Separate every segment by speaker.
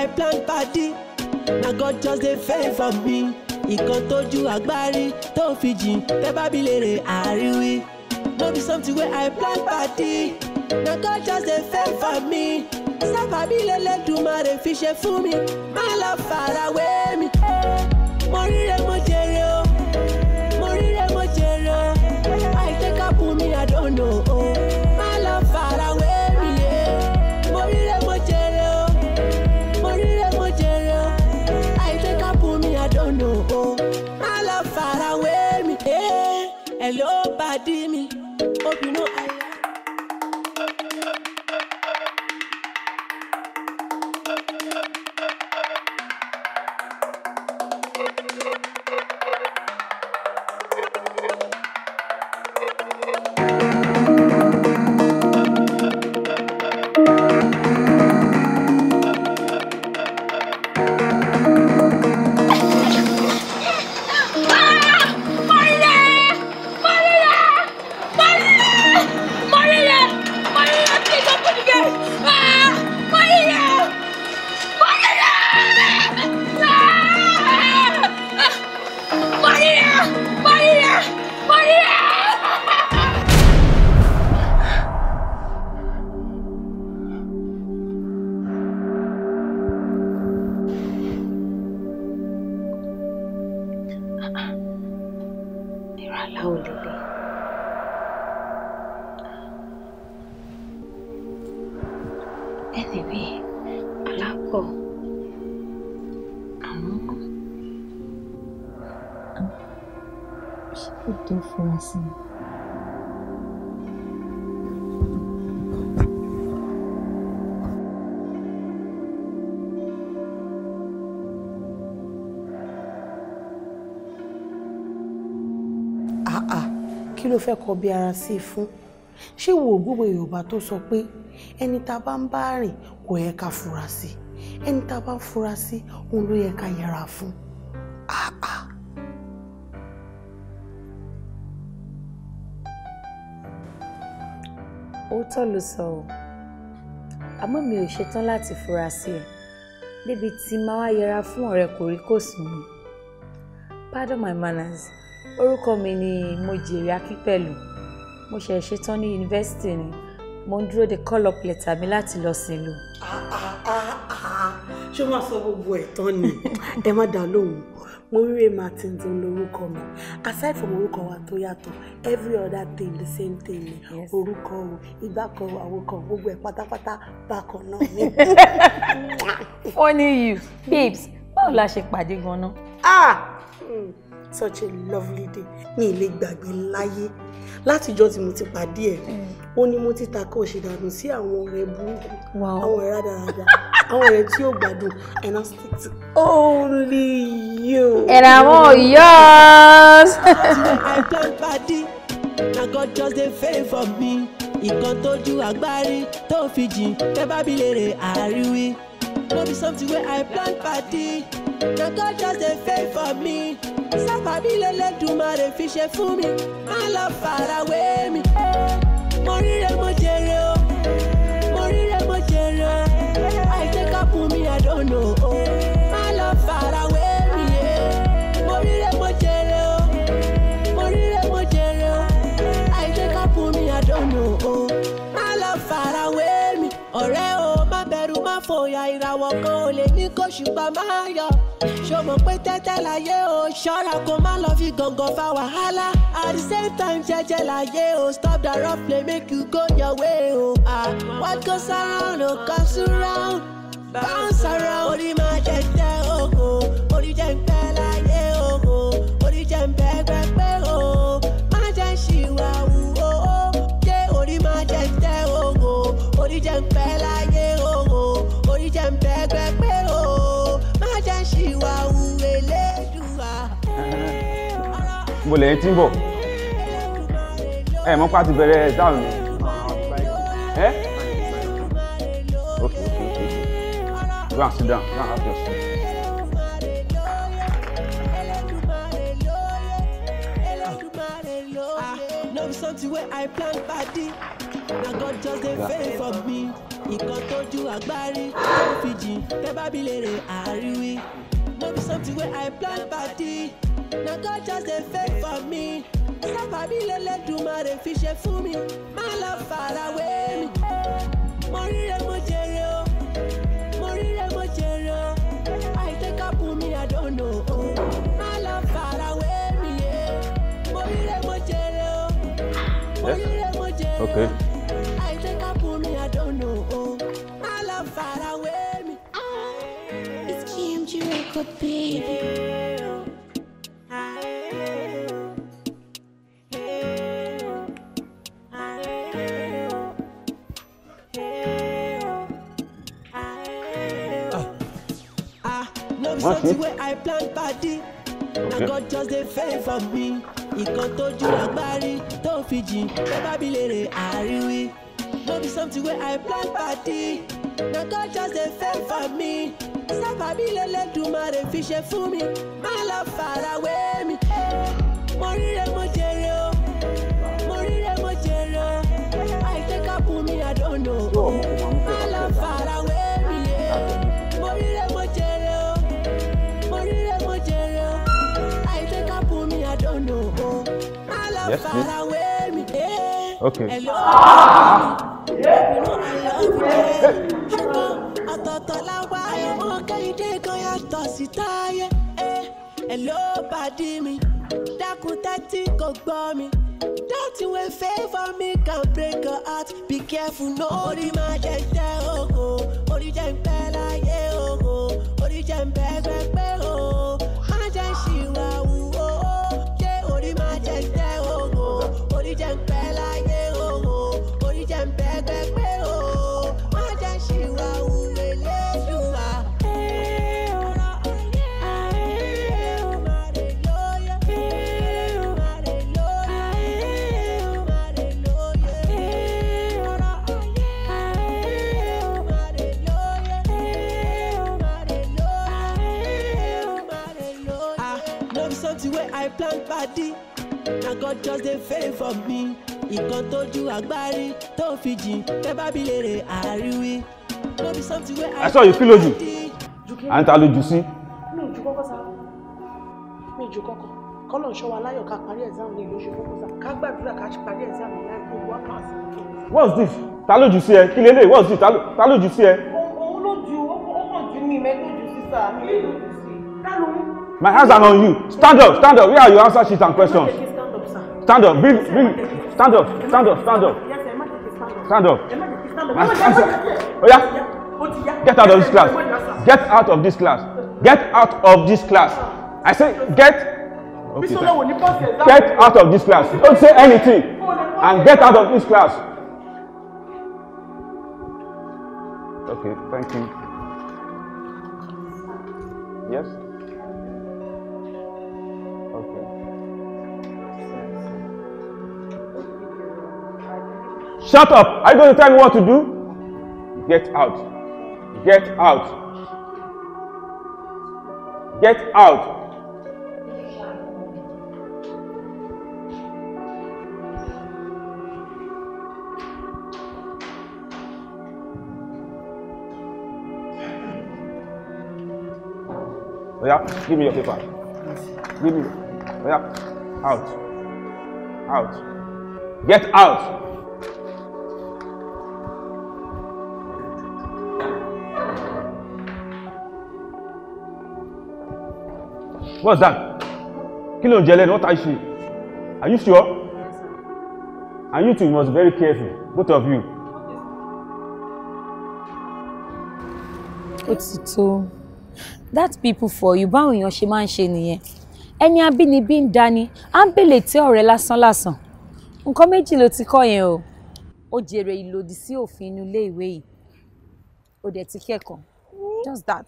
Speaker 1: i plan padi na god just dey fair for me ìkan tójú agbárí tó fi jìn tẹ́ bá bí lèrè àríwí no be something wey i plan padi na god just dey fair for me sábàbí lélẹ́dùmarè fi ṣe fún mi má lọ faraway. hope you know
Speaker 2: tó fura sí mi. kí ló fẹ́ kọ bí ara sí fún ṣé wo gbogbo yorùbá tó sọ pé ẹni tá a bá ń bá rìn kò yẹ ká fura sí ẹni tá a bá ń fura sí òun ló yẹ ká yẹra fún un.
Speaker 3: òótọ́ ló sọ ọ́ àmọ́ mi ò ṣetán láti fura sí ẹ débi tí máa wá yẹra fún ọ̀rẹ́ kòríkòsùn mi pardon my manners orúkọ mi ni Mojèrè Akínpẹ̀lú mo ṣe ṣetán ní yunifásitì ni mo ń dúró de call up letter mi láti lọ sílùú. Ah,
Speaker 2: ah, ah, ṣé wàá sọ gbogbo ẹ̀ tán ni ẹ má dá lóhùn Mo Morire Martins olórúkọ mi aside from orúkọ wa tó yàtọ̀ every other thing the same thing ni orúkọ o ìgbà kan àwọn kan gbogbo ẹ̀ pátápátá
Speaker 3: bákan náà ni. funny you babes báwo la ṣe pàdé ganan.
Speaker 2: ah hmm, such a lovely day mi ì lè gbàgbé láyé látijọ́ tí mo ti pàdé ẹ̀ hmm. ó ní mo ti ta kó sí àwọn ọ̀rẹ́ burúkú àwọn ọ̀rẹ́ rádaràda. àwọn ọ̀rẹ́ tí ó gbádùn and I stick to only you. and I'm all yours. I
Speaker 1: don na God just dey favour me ìkan tójú agbárí tó fi jìn tẹ́ bá bí lèrè àríwí. no be something wey I plan padi na God just dey favour me sábàbí lẹ́lẹ́dùnmarè fi ṣe fún mi má lọ farawé mi mo rí rẹ mo bóyá ìràwọ̀ kan ò lè ní kó ṣùpá máa yọ. ṣó mọ̀ pé tẹ́tẹ́ láyé o ṣọ́ra kó má lọ fi gàngàn fa wàhálà. at the same time jẹ́jẹ́ láyé o stop the rough play make you go your way o. Ah, what goes around o oh, comes around bounce around orí máa jẹ
Speaker 4: mo lè ń tí ń bọ̀
Speaker 5: ẹ mọ pa ti bẹ̀rẹ̀ exam ni ẹ ok ok ok go and sit down go and have your seat.
Speaker 1: Ah, something wey i plan padi na god just dey fail for me nǹkan tójú agbárí tó fi jìn tẹ́ bá àríwí no be something wey i plan padi. na god just a fake for me mo mo mo something where i plan padi na god just dey fair for me ìkan tójú agbárí tó fi jìn Never be lèrè àríwí. no be something where i plan party, na god just dey fair for me sábà bí lẹ́lẹ́dùmarè fi ṣe fún mi má lọ farawé mi. mo ríre mo jèrè o mo ríre mo jèrè o àìtẹ́kápù me, i don't know.
Speaker 5: Yes, please.
Speaker 1: Okay. Hello, pàdí mi, dákun tẹ́tí kò gbọ́ mi. That you will favor me can break her heart. Be careful, no orí máa jẹ jẹ́ ògo. Orí jẹ́ ń bẹ́ láyé ògo. Orí jẹ́ ń God just dey favour me ìkan tójú agbárí tó
Speaker 5: fi jìn fẹ́ bá bí lèrè àríwí. no be something wey I. ẹ̀sọ́ yìí kí lójú à ń ta lójú sí.
Speaker 2: mi ò ju kọ́kọ́ sá mi ò ju kọ́kọ́ kọ́lọ̀ ṣọ́ wa láyọ̀ ká parí exam ní ìlú ṣe kọ́kọ́ sá ká gbàdúrà ká parí exam ní láì kó wá pàṣẹ.
Speaker 5: what's this ta lójú sí ẹ kí lélẹ̀ what's this ta lójú sí ẹ.
Speaker 2: òun lójú ó kàn ju mi mẹ́lójú sísá mi lójú sí.
Speaker 5: my hands are on you stand up stand up where are your answer sheet and questions. Stand up. Bring, bring. Stand up. Stand up. Stand up. Stand up. Stand up. Oya. Oh, get out of this class. Get out of this class. Get out of this class. I say get. Okay,
Speaker 2: get out of this
Speaker 5: class. Don't say anything. And get out of this class.
Speaker 4: Okay, thank you. Yes?
Speaker 5: Shut up. Are you going to tell me what to do? Get out. Get out. Get out. Yeah, give me your paper. Give me. Yeah, out. Out. Get out. what's that Kill ló ń jẹ lẹ́nu what are you saying are you sure and you two must be very careful both of you.
Speaker 3: ó ti tó that people for you báwọn èèyàn ṣe máa ń ṣe nìyẹn ẹni abínibí ń dání à ń bèlè tẹ ọ̀rẹ́ lásán lásán nǹkan méjì ló ti kọ́ yẹn o ó jèrè ìlòdì sí òfin inú ilé ìwé yìí ó ti kẹ́kọ̀ọ́ just that.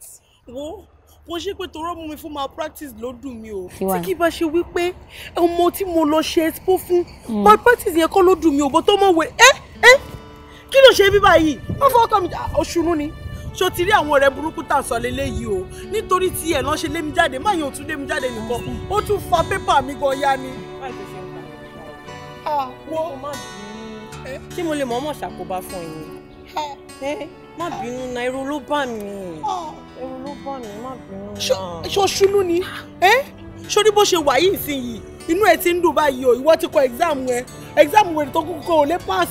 Speaker 3: Mm -hmm kò ṣe pé
Speaker 2: tòrọ mú mi fún máa practice ló dùn mí o tí kì í bá ṣe wípé ọmọ tí mo lọ ṣe expo fún hmm. máa practice yẹn kọ́ ló dùn mí o bó tó mọ̀ wẹ̀ ẹ́ ẹ́ kí ló ṣe bí báyìí wọ́n fọwọ́ kọ́ mi òṣùnú ni ṣó ti rí àwọn ọ̀rẹ́ burúkú tà sọ léléyìí o nítorí tí ẹ̀ náà ṣe lé mi jáde má yẹn ò tún lé mi jáde nìkan ó tún fa pépà mi gan ya ni. Ah, ṣé mo lè mọ̀ ọ́ mọ̀ ṣàkóbá fún yín má bínú náírà ló bá mi. Ah òun ló bọ̀ ní má bínú náà. ṣó ṣúlú ni ẹ ṣórí bó ṣe wà yìí ìsinyìí inú ẹ ti ń dùn báyìí o ìwọ ti kọ exam ẹ exam wẹ̀rẹ̀ tó kúkọ ò lè pass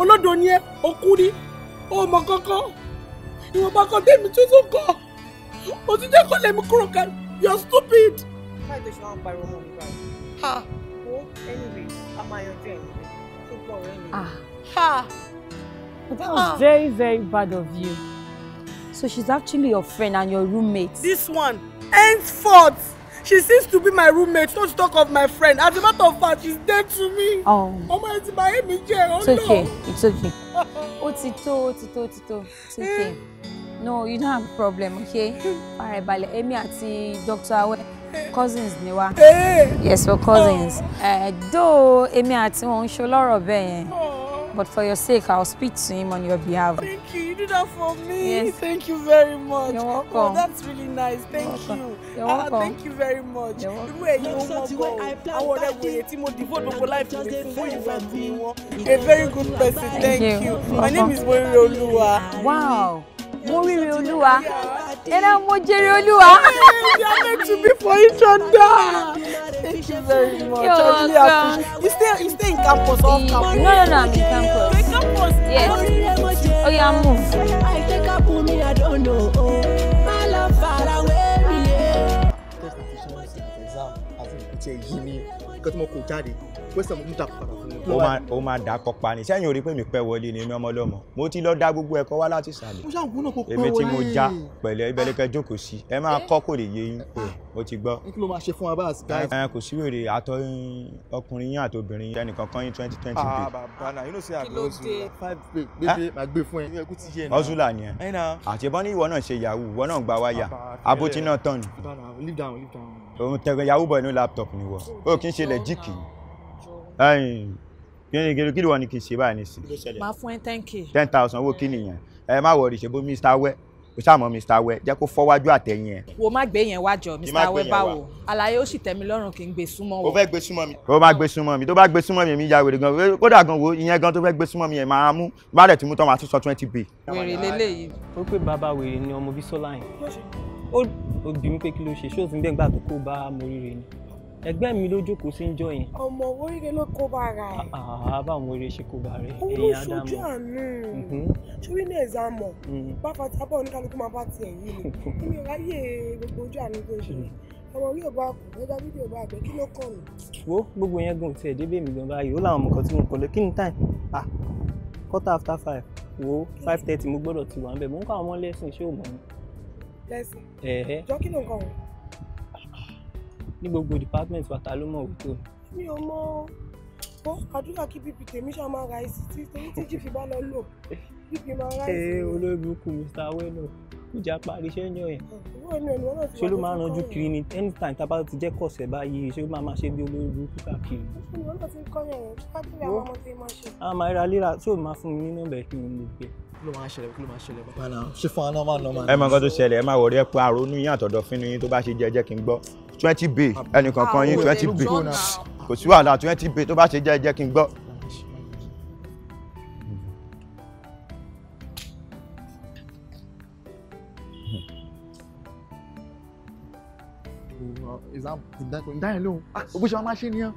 Speaker 2: olódo ni ẹ o kú ni o mọ kọ́kọ́ ìwọ̀nba kan tẹ̀mí tuntun kọ òtún jẹ́ kó lèmi kúrò kan you are stupid. báyìí tó ṣe máa ń pariwo mọ́ mi báyìí. ha o anyway a máa yanjú ẹ̀ nílé tó pọ̀ rẹ́ mi. ah ha.
Speaker 3: that was ah. very very bad of you. So she's actually your friend and your roommate. This one,
Speaker 2: henceforth, she seems to be my roommate Don't talk of my friend as a matter of fact she's
Speaker 3: dead to me. Oh, oh my, it's my mi jẹ ọ náà. it's okay it's okay. ó ti tó ó ti tó it's okay no you don't have a problem okay fara balẹ̀ èmi àti Dr. Awe cousins ni eh. yes for cousins oh. eh, though èmi àti wọn ń ṣe lọ́rọ̀ bẹ́ẹ̀ But for your sake, I'll speak to him on your behalf.
Speaker 2: Thank you. You do that for me. Yes. Thank you very much. You're oh, welcome. Oh, that's really nice. Thank You're you. You're ah, welcome. thank you very much. You're welcome. Irú ẹ̀yin ọmọ bọ̀ àwọn ọ̀rẹ́ wòye tí mo devote gbogbo life to me fún ìfẹ́ mi wọn. A very good person. Thank, you. My name is Mori
Speaker 3: Oluwa. Wow mo ríre olúwa ẹ̀rọ mo jèrè olúwa. to be for each other. Thank you very much.
Speaker 2: You stay, you stay in campus off campus? No, no, no, in campus.
Speaker 3: Yes.
Speaker 1: Oh, yeah, move. Oh,
Speaker 6: I nǹkan tí mo kò jáde
Speaker 4: wẹ́sẹ̀ mo ń dà padà fún mi. ó máa dà kọ ni sẹ́yìn orí pé mi pẹ́ wọlé ni mi ọmọ ọlọ́mọ mo ti lọ dá gbogbo ẹ̀kọ́ wá láti sàlẹ̀
Speaker 5: èmi tí mo já
Speaker 4: pẹ̀lẹ́ ibẹ̀lẹ́ kẹ́ jókòó sí ẹ máa kọ́ kò lè yé yín ah. mo ti gbọ́. kí ló máa ṣe fún abá àsìkò àìsàn. ẹ kò sí wèrè àtọ ọkùnrin yín àti obìnrin yín ẹnìkan kan yín twenty twenty pay. Ah, bàbá náà yín ló ṣe àgbẹ̀ ọ̀ṣùlà five pay gbé máa gbé fún ẹ. ọ̀ṣùlà ni ẹ àtibọ́n ní ìwọ náà ṣe yahoo ìwọ náà gbà wáyà abótí náà
Speaker 7: leave down leave down
Speaker 4: òun tẹ̀gàn yahoo boy ní laptop ni wọ ó kí n ṣe lẹ́jíkì kíni kí wọ́n ní kí n ṣe báyìí nísìn. máa
Speaker 3: fún ẹ
Speaker 4: ten thousand owó kí nìyẹn ẹ má wọrí ṣe bó Mr. Wẹ o ṣàmọ Mr. Wẹ jẹ́ kó fọwájú àtẹ̀yìn ẹ.
Speaker 3: wo má
Speaker 2: gbé yẹn wájọ Mr. Wẹ báwo àlàyé ó sì tẹ́ mi lọ́rùn kí n gbé súnmọ́ wọ. o fẹ́ gbé súnmọ́ mi.
Speaker 4: o má gbé súnmọ́ mi tó bá gbé súnmọ́ mi èmi ya wèrè gan kódà gan wo ìyẹn gan tó fẹ́ gbé súnmọ́ mi ẹ̀ máa mú bá rẹ̀ ti mú tán máa sọ twenty bay.
Speaker 2: wèrè lélẹ́yìí. ó pé bàbá wèrè ni ọmọ Bísọ́lá yẹn ó bí mi
Speaker 4: pé kí ló ṣe ṣóòtú bẹ́ẹ̀ gbà tó kó bá Moríre ni ẹgbẹ́ mi ló jókòó sí ń jọ yẹn.
Speaker 2: ọmọ Moríre ló kó bá ara ẹ̀.
Speaker 4: Ah, ah, ah, báwo Moríre ṣe kó bá ara ẹ̀ ẹ̀yin ádámọ̀. olùsọjú àánú mhm.
Speaker 2: sórí ní ẹ̀zámọ̀ mhm. báfa tábọ̀ oníkálukú máa bá tiẹ̀ yìí ni mi ò ráyè gbogbo ojú àánú tó ṣe mhm. ọmọ orí òbá kù ẹja bíbí òbá àgbẹ̀ kí ló kàn mí.
Speaker 5: wo gbogbo yẹn gan tiẹ̀
Speaker 2: débè mí gan báyìí ó láwọn ọmọ kan tí mo kọ lé kí ni time ah quarter after five wo five thirty mo gbọ́dọ̀ ti wà ń bẹ̀ mo ń kọ́ àwọn ọmọ lẹ́sìn ṣé ò mọ̀ ni lẹ́sìn jọ kí ló ń kọ́ wọn. ní gbogbo department wa ta ló mọ̀ wí tó. mi ò mọ ó àdúrà kí bp tèmi ṣáà máa ra èsì tí torí tí jífì bá lọ lò bp máa ra èsì. ee
Speaker 4: olóògbé kù mr weno ìjà parí iṣẹ́ yàn ẹ̀.
Speaker 2: ṣé ló máa ń ranjú kiri
Speaker 4: ni anytime tá a bá ti jẹ́ kọ̀ọ̀sẹ̀ báyìí ṣé ló máa máa ṣe bí olórí kúta kiri. a máa ra léra tí ò máa fún mi ní nọ́mbà kí n lè gbé ẹ máa nǹkan tó ṣẹlẹ̀ ẹ máa wọ̀rí ẹ pé àrònú yín àtọ̀dọ̀ fínú yín tó bá ṣe jẹ́ jẹ́ kí n gbọ́ twenty B. ẹnìkankan yín ah, twenty oh, bay oh, oh, kò sí wàhálà twenty bay tó bá ṣe jẹ́ jẹ́ kí n gbọ́.
Speaker 7: exam ìdáyẹn lóhun bó ṣe máa ṣe nìyẹn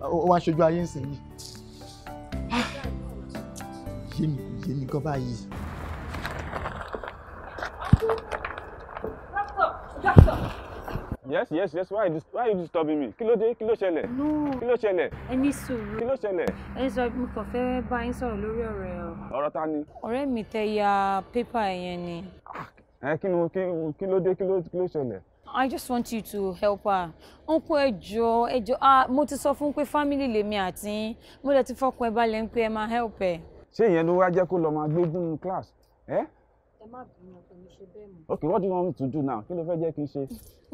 Speaker 7: ó wá
Speaker 8: ṣojú ayé ń sìn yìí. Ah gègé nìkan báyìí.
Speaker 5: yes yes yes why you why you disturbing me kí ló dé kí ló ṣẹlẹ̀. no Kilo ló ṣẹlẹ̀. ẹ ní
Speaker 3: sùúrù kí ló ṣẹlẹ̀. ẹ sọ mo kàn fẹ́ bá yín sọ̀rọ̀ lórí ọ̀rọ̀ ẹ o. ọ̀rọ̀ ta ni. ọ̀rẹ́ mi tẹ ya pépà yẹn ni.
Speaker 5: ẹ kí ló kí ló dé kí ló kí ló ṣẹlẹ̀.
Speaker 3: I just want you to help her. Uncle ẹjọ́ ẹjọ́ ah mo ti sọ fún pé family lèmi àti mo dẹ̀ ti fọkàn ẹ balẹ̀ ń pé ẹ máa help ẹ
Speaker 5: ṣé ìyẹn ló wá jẹ́ kó lọ máa gbógun ní class ẹ́.
Speaker 3: ẹ má bínú kò ní ṣe bẹ́ẹ̀ mọ́.
Speaker 5: okay what do you want me to do now kí ló fẹ́ jẹ́ kí n ṣe.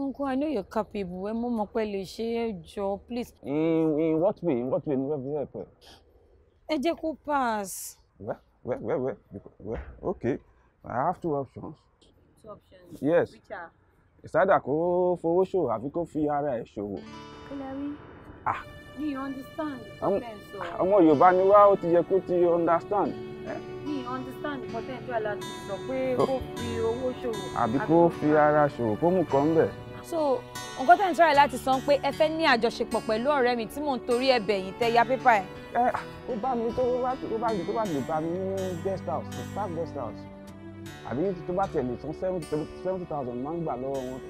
Speaker 3: uncle i know you're capable ẹ mú mọ pé lè ṣe é jọ please.
Speaker 5: in in what way in what way ni wọ́n fi help ẹ.
Speaker 3: ẹ jẹ́ kó pass.
Speaker 5: well well well well well okay i have two options.
Speaker 3: two options. yes. which are.
Speaker 5: ìsádà kó fowó ṣòwò àfi kó fi ara ẹ̀ ṣòwò.
Speaker 3: kí lè rí. ah mi understand bẹ́ẹ̀ sọ. ọmọ yorùbá ni
Speaker 5: wá ó ti yẹ kó ti understand. Eh?
Speaker 3: mi understand content wà láti sọ pé oh. kó fi owó ṣòwò. àbí kó
Speaker 5: fi ara ṣòwò kó mú kan bẹ̀.
Speaker 3: so nǹkan tẹ̀ ń tọ́ra láti sọ pé ẹ fẹ́ ní àjọṣepọ̀ pẹ̀lú ọ̀rẹ́ mi tí mò ń torí ẹ̀bẹ̀ yìí tẹ́ ya pépà ẹ̀. ẹ eh, ah, ó bá mi tó bá tó bá tó bá
Speaker 5: lè bá mi ní guest house to start guest house àbí tó bá tẹ̀lé tán seventy thousand máa ń gbà lọ́wọ́ wọn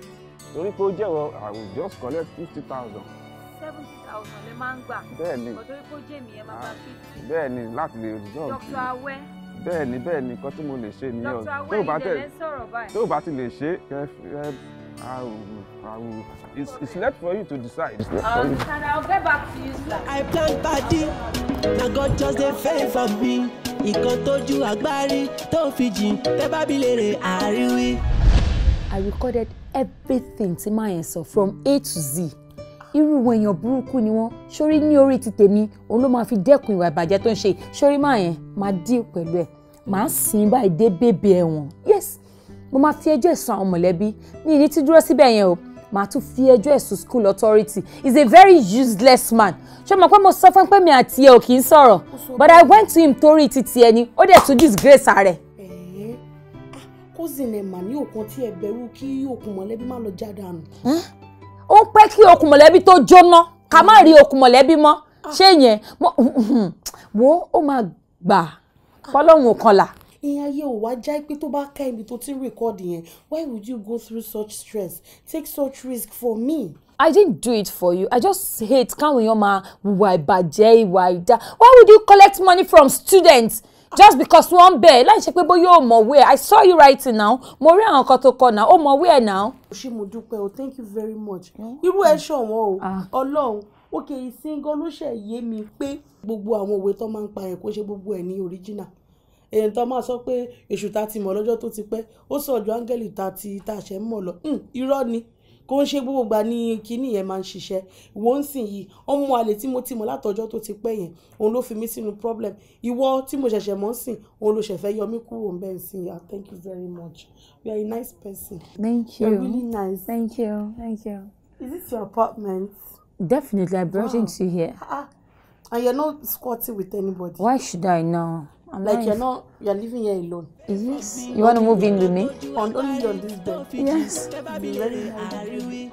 Speaker 5: torí pé ó jẹ́wọ́ I will just collect fifty thousand.
Speaker 3: seventy thousand
Speaker 5: lè ah, láti lè resolve. dr awẹ. bẹ́ẹ̀ni bẹ́ẹ̀ni tí mo lè ṣe nìyẹn o tó o bá tẹ tó o bá ti lè ṣe kẹ ẹ awuru awuru it's left for you to decide. Um,
Speaker 3: I
Speaker 1: plan padi
Speaker 5: na God just dey favour me ìkan tójú agbárí
Speaker 1: tó fi jìn tẹ́ bá bí lèrè àríwí.
Speaker 3: I recorded everything tí máa sọ from A to Z irú ìwọ èèyàn burúkú ni wọ́n sórí ní orí ti tèmi òun ló máa fi dẹ́kun ìwà ìbàjẹ́ tó ń ṣe sórí máa yẹn máa díì pẹ̀lú ẹ̀ máa sìn báyìí dé bèbè ẹ̀wọ̀n yes mo máa fi ẹjọ́ ẹ̀sùn àwọn mọ̀lẹ́bí mi ì ní ti dúró síbẹ̀ yẹn o màá tún fi ẹjọ́ ẹ̀sùn school authority is a very useless man ṣé mo pé mo sọ fún pé mi àti ẹ ò kì í sọ̀rọ̀ but I went to him torí titi ẹni ó dẹ̀ tún disgrace rẹ̀.
Speaker 2: kó zìnlẹ̀ mà ní òkun tí ẹ bẹ̀rù kí òkun mọ̀lẹ́bí má lọ já dànù
Speaker 3: ó ń pẹ́ kí okùn mọ̀lẹ́bí tó jóná ká má rí okùn mọ̀lẹ́bí mọ́ ah. ṣé yẹn wo ó máa gbà fọlọ́hún ah. kan là
Speaker 2: ìyẹn ayé ò wá já pé tó bá ká ibi tó ti ń rìkọ́dì yẹn why would you go through such stress take
Speaker 3: such risk for me. I didn't do it for you. I just hate káwọn èèyàn máa wùwà ìbàjẹ́ ìwà ìdá. Why would you collect money from students? just because one ń bẹ̀ ẹ́ láì ṣe pé bóyá o mọ̀wé ẹ̀ i saw you writing now mo rí àwọn kan tó kọ náà o mọ̀wé ẹ̀ now.
Speaker 2: o ṣé mo dúpẹ́ o thank you very much irú ẹ ṣọ̀wọ́n o ah. ọlọ́run òkè ìsìngàn ló ṣe yé mi pé gbogbo àwọn òwe tó máa ń pa ẹ̀ kó ṣe gbogbo ẹ̀ ní original èèyàn tó máa sọ pé èṣù ta ti mọ̀ lọ́jọ́ tó ti pẹ́ ó sọ ọjọ́ áńgẹ́lì ta ti ta ṣẹ̀ ń mọ̀ lọ hmm, irọ́ ni kó ń ṣe gbogbo gbà ní kinní yẹn máa ń ṣiṣẹ́ ìwọ ń sìn yìí ọmọ àlè tí mo ti mọ̀ látọjọ́ tó ti pẹ́ yẹn òun ló fi mí sínú problem ìwọ tí mo ṣẹ̀ṣẹ̀ mọ̀ ń sìn òun ló ṣẹ̀fẹ̀ yọ mí kúrò ń bẹ́ẹ̀ sìn yà thank you very much you are a nice person. thank you you are really
Speaker 3: nice. thank you thank you.
Speaker 2: is this your apartment.
Speaker 3: definitely i brought wow. it to here. ah, ah. and you are not squatting with anybody. why should i now. I'm like, nice. you're
Speaker 2: not, you're living here alone. Yes. You want to move in with me? On only on this bed. Yes. Very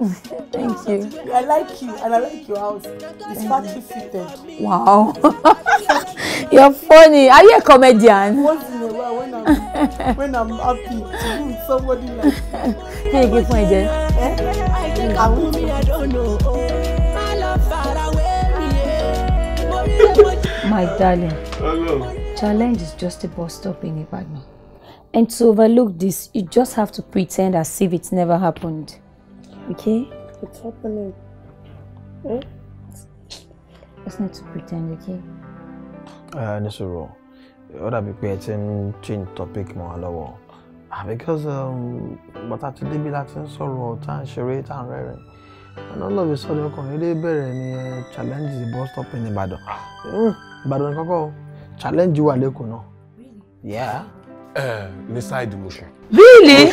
Speaker 3: Thank you.
Speaker 2: I like you, and I like your house. It's factory fitted.
Speaker 3: Wow. you're funny. Are you a comedian? Once
Speaker 2: in a while, when
Speaker 3: I'm when I'm happy to
Speaker 2: somebody like.
Speaker 3: Hey, give me a eh? I think I will I don't know. My darling. Hello. challenge is just a bus stop in Ibadan. And to overlook this, you just have to pretend as if it never happened. Okay? It's happening. Hmm? Just need to pretend, okay?
Speaker 7: Uh, ah, Nisuru, ó dàbí pé ẹ change topic mọ́ wa lọ́wọ́. Ah, because um, bàtà ti débi láti ń sọ̀rọ̀ tá à ń ṣeré tá à And all of a sudden ọkùnrin ilé bẹ̀rẹ̀ ni eh, challenge the bus stop in the Ìbàdàn. Ìbàdàn kọ́kọ́ o challenge wà lẹ́kọ̀ọ́ náà.
Speaker 5: yeah. ẹ eh, ní side motion.
Speaker 7: really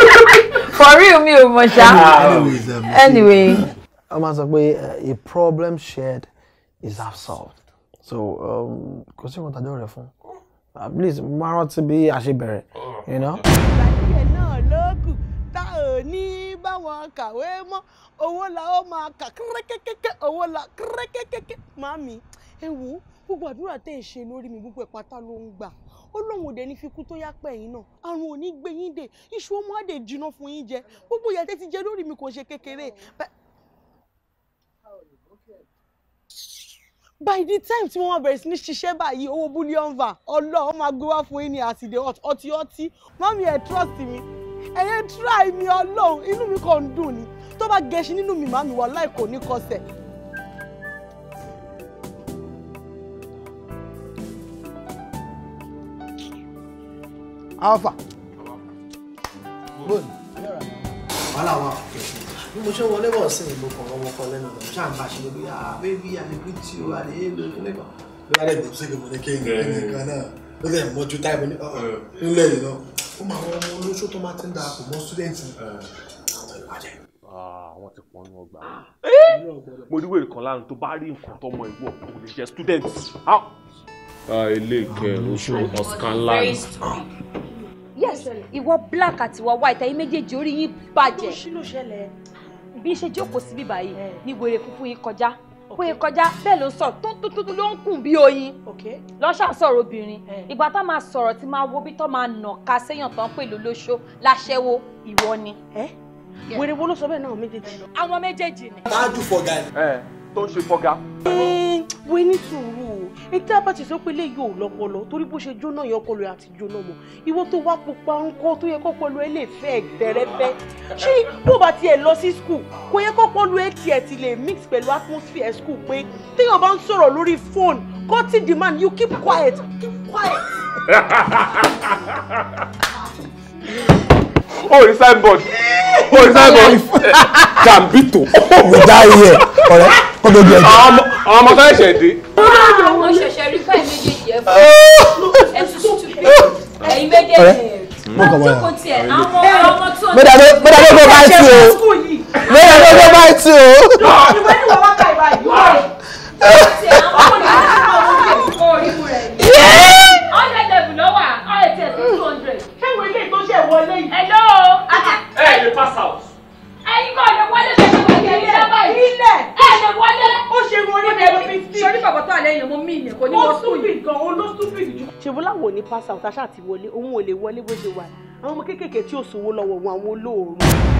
Speaker 7: for real mi ò mọ̀ ṣá. Ah, ah. Um, anyway. wọ́n máa sọ pé eh, a problem shared is half solved so um, kò sí ìkọ̀tàjọ́ rẹ̀ fún at least máa rántí bí a ṣe bẹ̀rẹ̀. ìgbàdíyẹ náà
Speaker 2: ló tá ò ní báwọn kàwé mọ́ owó la ó máa kà kẹ́rẹ́kẹ́kẹ́ owó la kẹ́rẹ́kẹ́kẹ́ màmí ewu gbogbo àdúrà tẹ́ ẹ̀ ṣe lórí mi gbogbo ẹ̀ ló ń gbà ó lóun ò dẹ̀ ní fikú tó yá pẹ̀ yín náà àrùn ò gbé yín dè iṣu ọmọ àdè jiná fún yín jẹ gbogbo ìyà ti jẹ lórí mi kò ṣe kékeré. by the time tí wọ́n wá bẹ̀rẹ̀ sí ní ṣiṣẹ́ báyìí owó búlíọ̀n va ọlọ́ọ̀ máa gbé wá fún yín ní àsìdè ọtí ọtí mọ́mí ẹ̀ trust mi ẹ̀yẹ́ try mi ọlọ́run inú mi kàn ń dùn ni tó bá gẹṣin nínú mi màmí wà láì kò ní kọsẹ̀
Speaker 7: alpha bóòlù wàhálà wà fún kẹ̀kẹ́ bí mo ṣe ń wọlé bọ̀ sí ìlú kan ọmọ kan lẹ́nu ọ̀dọ̀ ṣáà ń bá ṣe lóbi ah baby àlejò tí o àlejò lórí lẹ́kọ̀ọ́ lórí àlejò tí o ní kéyìn lórí kan náà ló dẹ̀ mọ́jú táìpù ní nílẹ̀ ah, ah, yìí náà ó máa wọ ọmọ olóṣó tó máa ti ń darapọ̀ mọ́ sídẹ̀ǹtì eh. àwọn ìbàjẹ́.
Speaker 5: àwọn ah, ti pọ̀ nínú ọgbà eh! mo ní wèrè kan lánàá tó bá rí nǹkan tọmọ ìwọ kò lè jẹ́ Eleke Oṣù Oscarland.
Speaker 3: yes ìwọ black àti ìwọ white ẹ̀yin méjèèjì orí yín bàjẹ́ bí ṣe jókòó síbí báyìí eh. ní wèrè funfun yìí kọjá pé kọjá bẹ́ẹ̀ ló ń sọ̀rọ̀ tó tó tó ló ń kùn bí oyin lọ́ṣà sọ̀rọ̀ obìnrin eh. ìgbà tá máa sọ̀rọ̀ tí máa wo bí tó máa nà ká séèyàn tán pè lólóṣó láṣẹ́wó ìwọ ni. Eh? wèrè wo ló sọ bẹ́ẹ̀ náà méjèèjì. àwọn méjèèjì ni.
Speaker 5: tájú fọgà ni tó ń ṣe fọgá.
Speaker 2: wo ní sùúrù ètò àbàtì sọ pé eléyìí ò lọ́pọlọ torí bó ṣe jóná yẹn ọpọlọ àti jóná mọ ìwọ tó wá pupa ńkọ́ tó yẹ kọ́pọlọ ẹ lè fẹ́ gbẹrẹfẹ ṣé bó bá tiẹ̀ lọ sí skul kò yẹ kọ́pọlọ ẹ tiẹ̀ ti lè mix pẹ̀lú atmosphere skul pé téèyàn bá ń sọ̀rọ̀ lórí fóònù cutting the man you keep quiet keep quiet.
Speaker 5: Oh, the oh, o rí signboard o rí signboard jambito we die here ọ̀rẹ́ kó ló di ẹjọ́. àwọn ọmọ tó ṣẹ̀ṣẹ̀ dé.
Speaker 3: àwọn ṣẹ̀ṣẹ̀ rí fẹ́ẹ̀ méjèèjì ẹ̀ fún ẹ̀ tuntun tún bí ẹ̀yin méjèèjì mọ̀kàn mọ̀kàn. mẹ́ta ló mẹ́ta ló gbọ́ báyìí tí o mẹ́ta ló gbọ́ báyìí tí o. Yeah.
Speaker 2: ṣèbó láwọn ò ní pass out ti wọlé òun ò lè wọlé bó ṣe wà àwọn ọmọ kéékèèké tí ò sówó lọ́wọ́ wọn àwọn olóòórùn.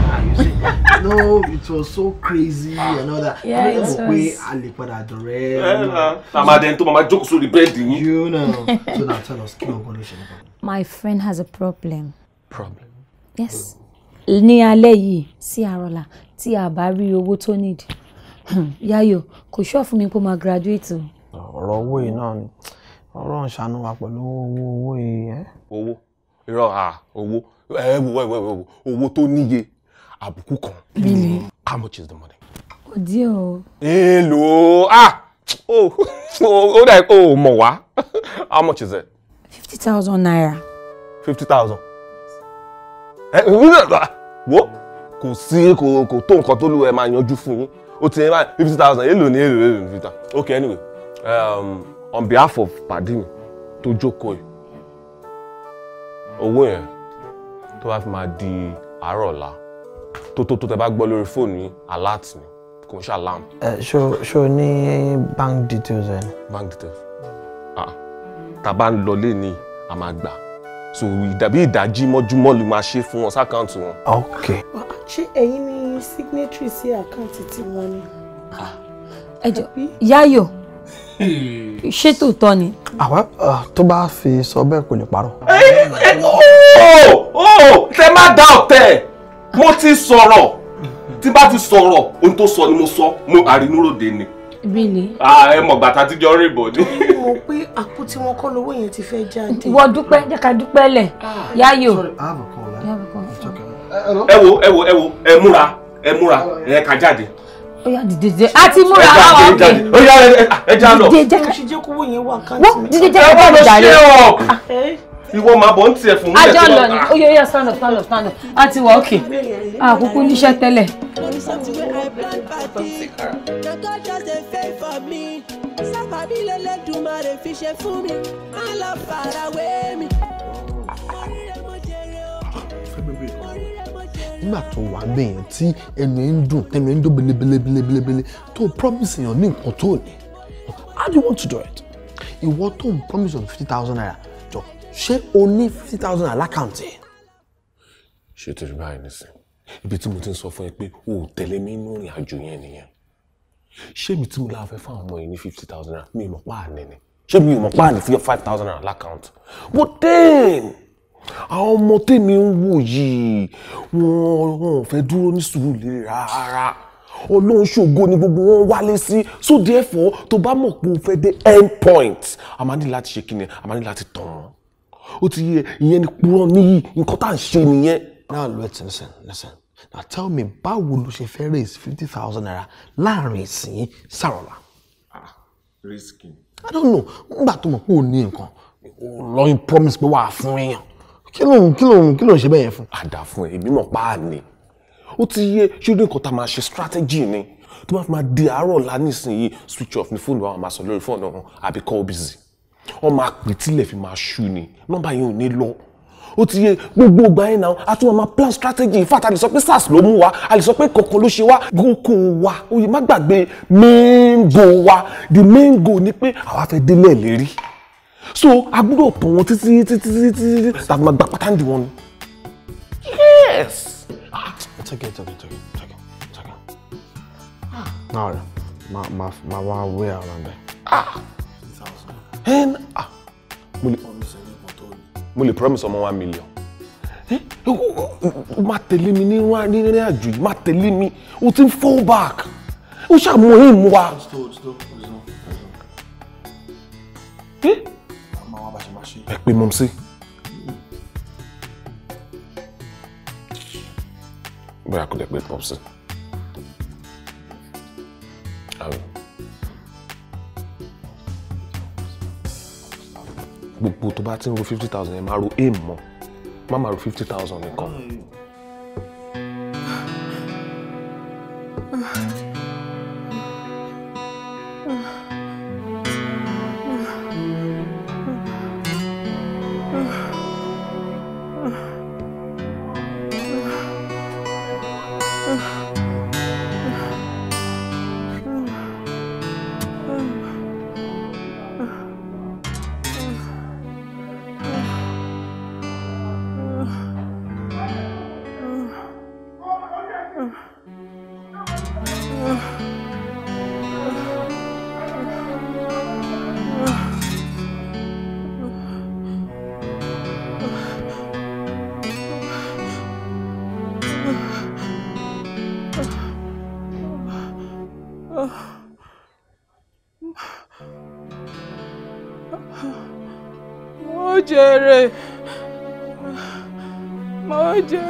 Speaker 7: Ah, no it was so crazy and all that yeah, I mọ̀ pé a lè padà dọ̀rẹ́.
Speaker 5: àmàdé eh, ah, tó máa jókòó sórí bẹ́ẹ̀dì yín. you know so now tell us kí ọgbọ́n ló ṣe nípa.
Speaker 3: my friend has a problem. problem. yes ní alẹ́ yìí sí àrọ́là tí a bá rí owó tó nídìí hmm, Yayo kò ṣọ́ọ̀ fún mi pé ó graduate o.
Speaker 7: ọ̀rọ̀ owó yìí náà ni ọlọ́run ṣàánú wa pẹ̀lú owó owó yìí.
Speaker 5: owó irọ́ à owó ẹ wo ẹ wo owó tó níye àbùkù kan. really how much is the money.
Speaker 3: òdi o.
Speaker 5: èèlò ah oh oh, dà oh, mọ̀ wá how much is it.
Speaker 3: fifty thousand naira.
Speaker 5: fifty thousand. ẹ wo kò sí kò kò tó nǹkan tó lù ẹ máa yanjú fún yín ó ti ní báyìí fifty thousand èèlò ní èèlò èèlò fifty thousand okay anyway. Um, on behalf of pàdé mi tó jókòó yìí owó yẹn tó bá fi máa di àárọ̀ ọ̀la tó tó tó tẹ bá gbọ́ lórí fóònù yìí alert ni kò ń ṣe alarm.
Speaker 7: ẹ ṣo ṣo ní bank details
Speaker 5: ẹ. bank details ah tá a bá ń lọ lẹ́ni a máa gbà so ìdàbí ìdájí mọ́júmọ́ ló máa ṣe fún wọn sí àkáǹtì wọn. ok.
Speaker 2: ṣé ẹ̀yin ni signatory sí àkáǹtì tí wọ́n ní.
Speaker 7: ẹ jọ Yayo ṣé tòótọ́ ni. àwa tó bá fi sọ bẹ́ẹ̀ kò ní parọ́.
Speaker 5: tẹ oh, oh, má dá ọ̀tẹ̀ mo ti sọ̀rọ̀ tí bá ti sọ̀rọ̀ ohun tó sọ ni mo sọ mo àrínúròde ni. Really? Ah, ẹ mọ̀ gbàtà tíjọ́ rè bò ní.
Speaker 3: Mo pé àpò tí wọ́n kọ́ lówó yẹn ti fẹ́ jáde. Wọ́n dúpẹ́ jẹ́ ká dúpẹ́ lẹ̀. Ah, Yáyò. Eh?
Speaker 5: Ẹ wo ẹ wo ẹ wo ẹ múra ẹ múra ẹ ká jáde
Speaker 3: oya dìde jẹ a ti múra àwọn
Speaker 5: ọkẹ oya ẹja lọ dìde
Speaker 3: jẹ ká ṣe kówó yẹn wà kàn dìde jẹ ká wọ́n
Speaker 5: dàrẹ́ ah, eh. ìwọ máa bọ̀ ń tiẹ̀ fún mi. àjọ lọ ni
Speaker 3: oye oye stand up stand up stand up a ti wà òkè àkókò níṣẹ́ tẹ́lẹ̀.
Speaker 1: sábàbí lélẹ́dùnmarè fi ṣe fún mi má lọ farawé mi.
Speaker 7: nígbà tó wà ń bẹ̀yẹn tí ẹnu ẹ̀ ń dùn tẹnu ẹ̀ ń dùn belebelebelebele tó promise èèyàn ní nǹkan tó ní how do you want to do it ìwọ tó ń promise on fifty thousand naira jọ ṣé o ní fifty thousand naira lákàǹtì ẹ̀.
Speaker 5: ṣé torí báyìí nísìn ibi tí mo ti ń sọ fún ẹ pé o ò tẹ̀lé mi nínú ìrìn àjò yẹn nìyẹn ṣé mi tí mo la fẹ́ fáwọn ọmọ yìí ní fifty thousand naira mi ò mọ̀ páàní ni ṣé mi ò mọ̀ páàní fi five thousand naira lákàǹtì but then àwọn ọmọ tèmi ń wò yìí wọn wọn ò fẹ́ dúró ní sùúrù rárá ọlọ́run ṣògo ni gbogbo wọn wálé sí so therefore tó bá mọ̀ pé o fẹ́ dé end point a máa ní láti ṣe kí ni a máa ní láti tàn wọ́n ó ti yẹ ìyẹn ni purọ́ níyì nǹkan tá à ń ṣe nìyẹn. now let's listen listen now tell me báwo
Speaker 7: ló ṣe fẹ́ raise fifty thousand naira láàrin ìsìn sàrọ̀lá.
Speaker 5: Ah, risky.
Speaker 7: i don't know ngbà tó mọ̀ pé o ní nǹkan lọ́yìn promise pé wàá fún èèyàn kí ló ń
Speaker 5: kí ló ń kí ló ń ṣe bẹ́yẹn fún. àdá fún ẹ ìbímọ pa á ni ó ti yé ṣúdí nǹkan tá a máa ṣe strategy ni tó bá fi máa di àárọ̀ ọ̀la nísìnyí switch off ní fóònù wa máa sọ lórí fóònù ọ̀hún àbí call busy wọ́n máa pè tílẹ̀ fi máa ṣú ni nọ́mbà yẹn ò ní lọ ó ti yé gbogbo ọgbà yẹn náà a tún máa plan strategy in fact a lè sọ pé sars ló mú wa a lè sọ pé kankan ló ṣe wa gòkò wa oyè má gbàgbé main goal wa the main goal ni pé àwa fẹ́ délẹ̀ lérí so I gbúdọ̀ up. wọn títí that títí tàbí máa gba pátá ń di wọn ni.
Speaker 7: yes. it's okay it's okay it's okay it's okay it's okay. náà rẹ ma ma ma wá wé ara Ah,
Speaker 5: ẹn ah mo lè mo lè promise ọmọ one million Eh? máa tẹ̀lé mi ní rìnrìn àjò yìí máa me. mi o ti fall back o ṣàmúhìn mu wa. stop stop stop ẹ pé mọ̀ sí. bóyá kò lè pé pọ̀ sí. gbogbo tó bá ti ń ro fifty thousand yẹn máa ro aim mọ́ má máa ro fifty thousand nìkan.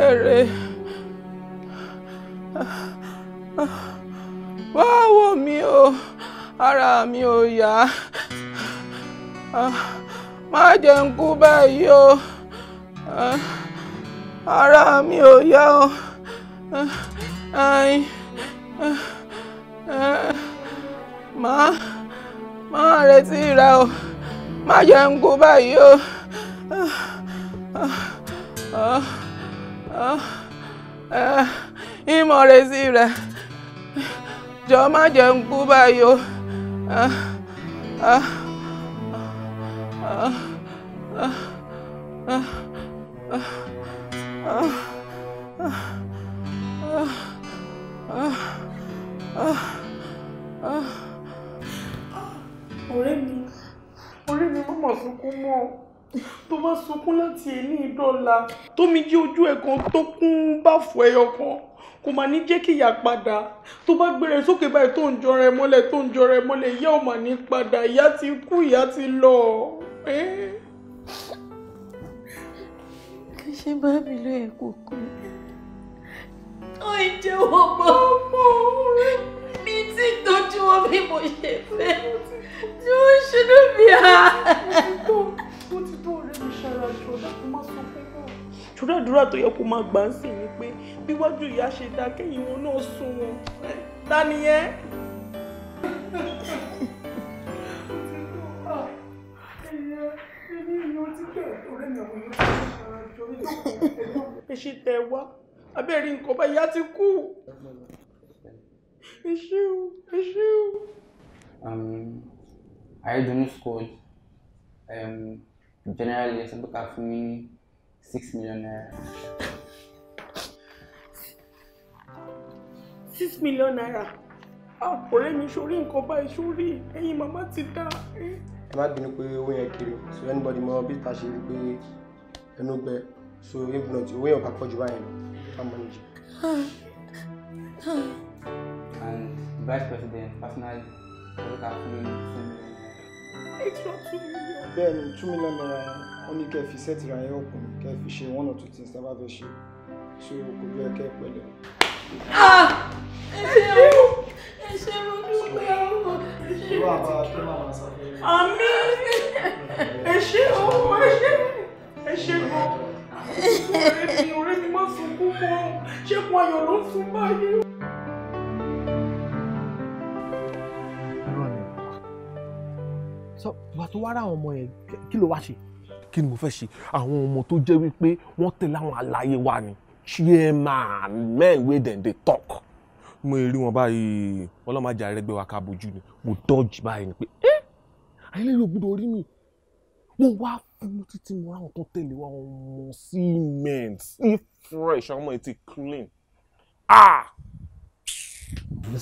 Speaker 2: rere wá wò mí o ara mi ò yá má jẹ́ n kú báyìí o ara mi ò yá o
Speaker 1: má má retí rẹ o má jẹ́ n kú báyìí o. uh ìmọ̀ retí
Speaker 2: rẹ̀ jọ má jẹ́ ń kú báyìí o. ọ̀rẹ́ tó bá sunkún láti ẹni ìdọ́la tómi jẹ́ ojú ẹ̀ kan tó kún bá fọ ẹyọ kan kò máa ní jẹ́ kí ìyá padà tó bá gbére sókè báyìí tó ń jọra ẹ mọ́lẹ̀ tó ń jọra ẹ mọ́lẹ̀ ìyá ò máa ní padà ìyá ti kú ìyá ti lọ.
Speaker 1: kì í ṣe báàbí ló yẹ kó kú. ó
Speaker 2: ń jẹ́ ọmọ
Speaker 3: ọmọ mi tí tọ́jú wọn bí mo ṣe fẹ́ tí ó ṣe lóbi à
Speaker 2: ó ti tó ọ̀rẹ́ mi ṣara ṣọ̀dá kó má sọ fún wọn. ṣùdàdúrà tó yẹ kó máa gbà ń sìn ni pé bíwájú ìyá ṣe dá kẹ́yìn wọn náà sún wọn ta ni yẹn. èsì tẹ wá abẹ́rẹ́ nǹkan bá ìyá ti kú. ẹ ṣé o ẹ ṣé o.
Speaker 6: Um, Ayédùnú scored um, generally ẹsẹ bó ka fún mi six millionaire.
Speaker 2: six million naira ah, ọ̀rẹ́ mi sórí nǹkan báyìí sórí ẹ̀yin màmá ti dá.
Speaker 7: ẹ eh? má bínú pé owó yẹn kiri so anybody more bí ta ṣe rí pé ẹnu gbẹ
Speaker 8: so if not owó yẹn ò bá pọ̀ jù I'm managing. and vice president personally ẹ̀ka fún mi ní two
Speaker 2: bẹ́ẹ̀
Speaker 4: ni two million naira Only ní kẹ́ fi sẹ́ẹ̀tì ra ẹ̀ ọkùnrin kẹ́ fi ṣe one or two things tá a bá fẹ́ ṣe so kò bí ẹ kẹ́ pẹ̀lẹ́. Ah!
Speaker 2: ẹ ṣe o ẹ ṣe mo dúpẹ́ o ẹ ṣe ọ̀rẹ́ mi ọ̀rẹ́ mi má sunkún mọ́ ṣé mo ayọ̀ ló ń báyìí.
Speaker 5: sọ ìgbà tó wá àwọn ọmọ yẹn kí ló wá ṣe. kí ni mo fẹ́ ṣe àwọn ọmọ tó jẹ́ wípé wọ́n tẹ̀lé àwọn àlàyé wa ni chairman men wey dem dey talk mo rí wọn báyìí ọlọ́màjà ẹrẹgbẹ́ wa ká bojú ni mo dọ́jì báyìí ni pé ẹ́ eh! ayẹlẹ́ yóò gbúdọ̀ orí mi wọ́n wá fún mi títí mo ráwọn tó tẹ̀lé wa ọmọ cement sí fresh ọmọ ẹ ti clean ah ní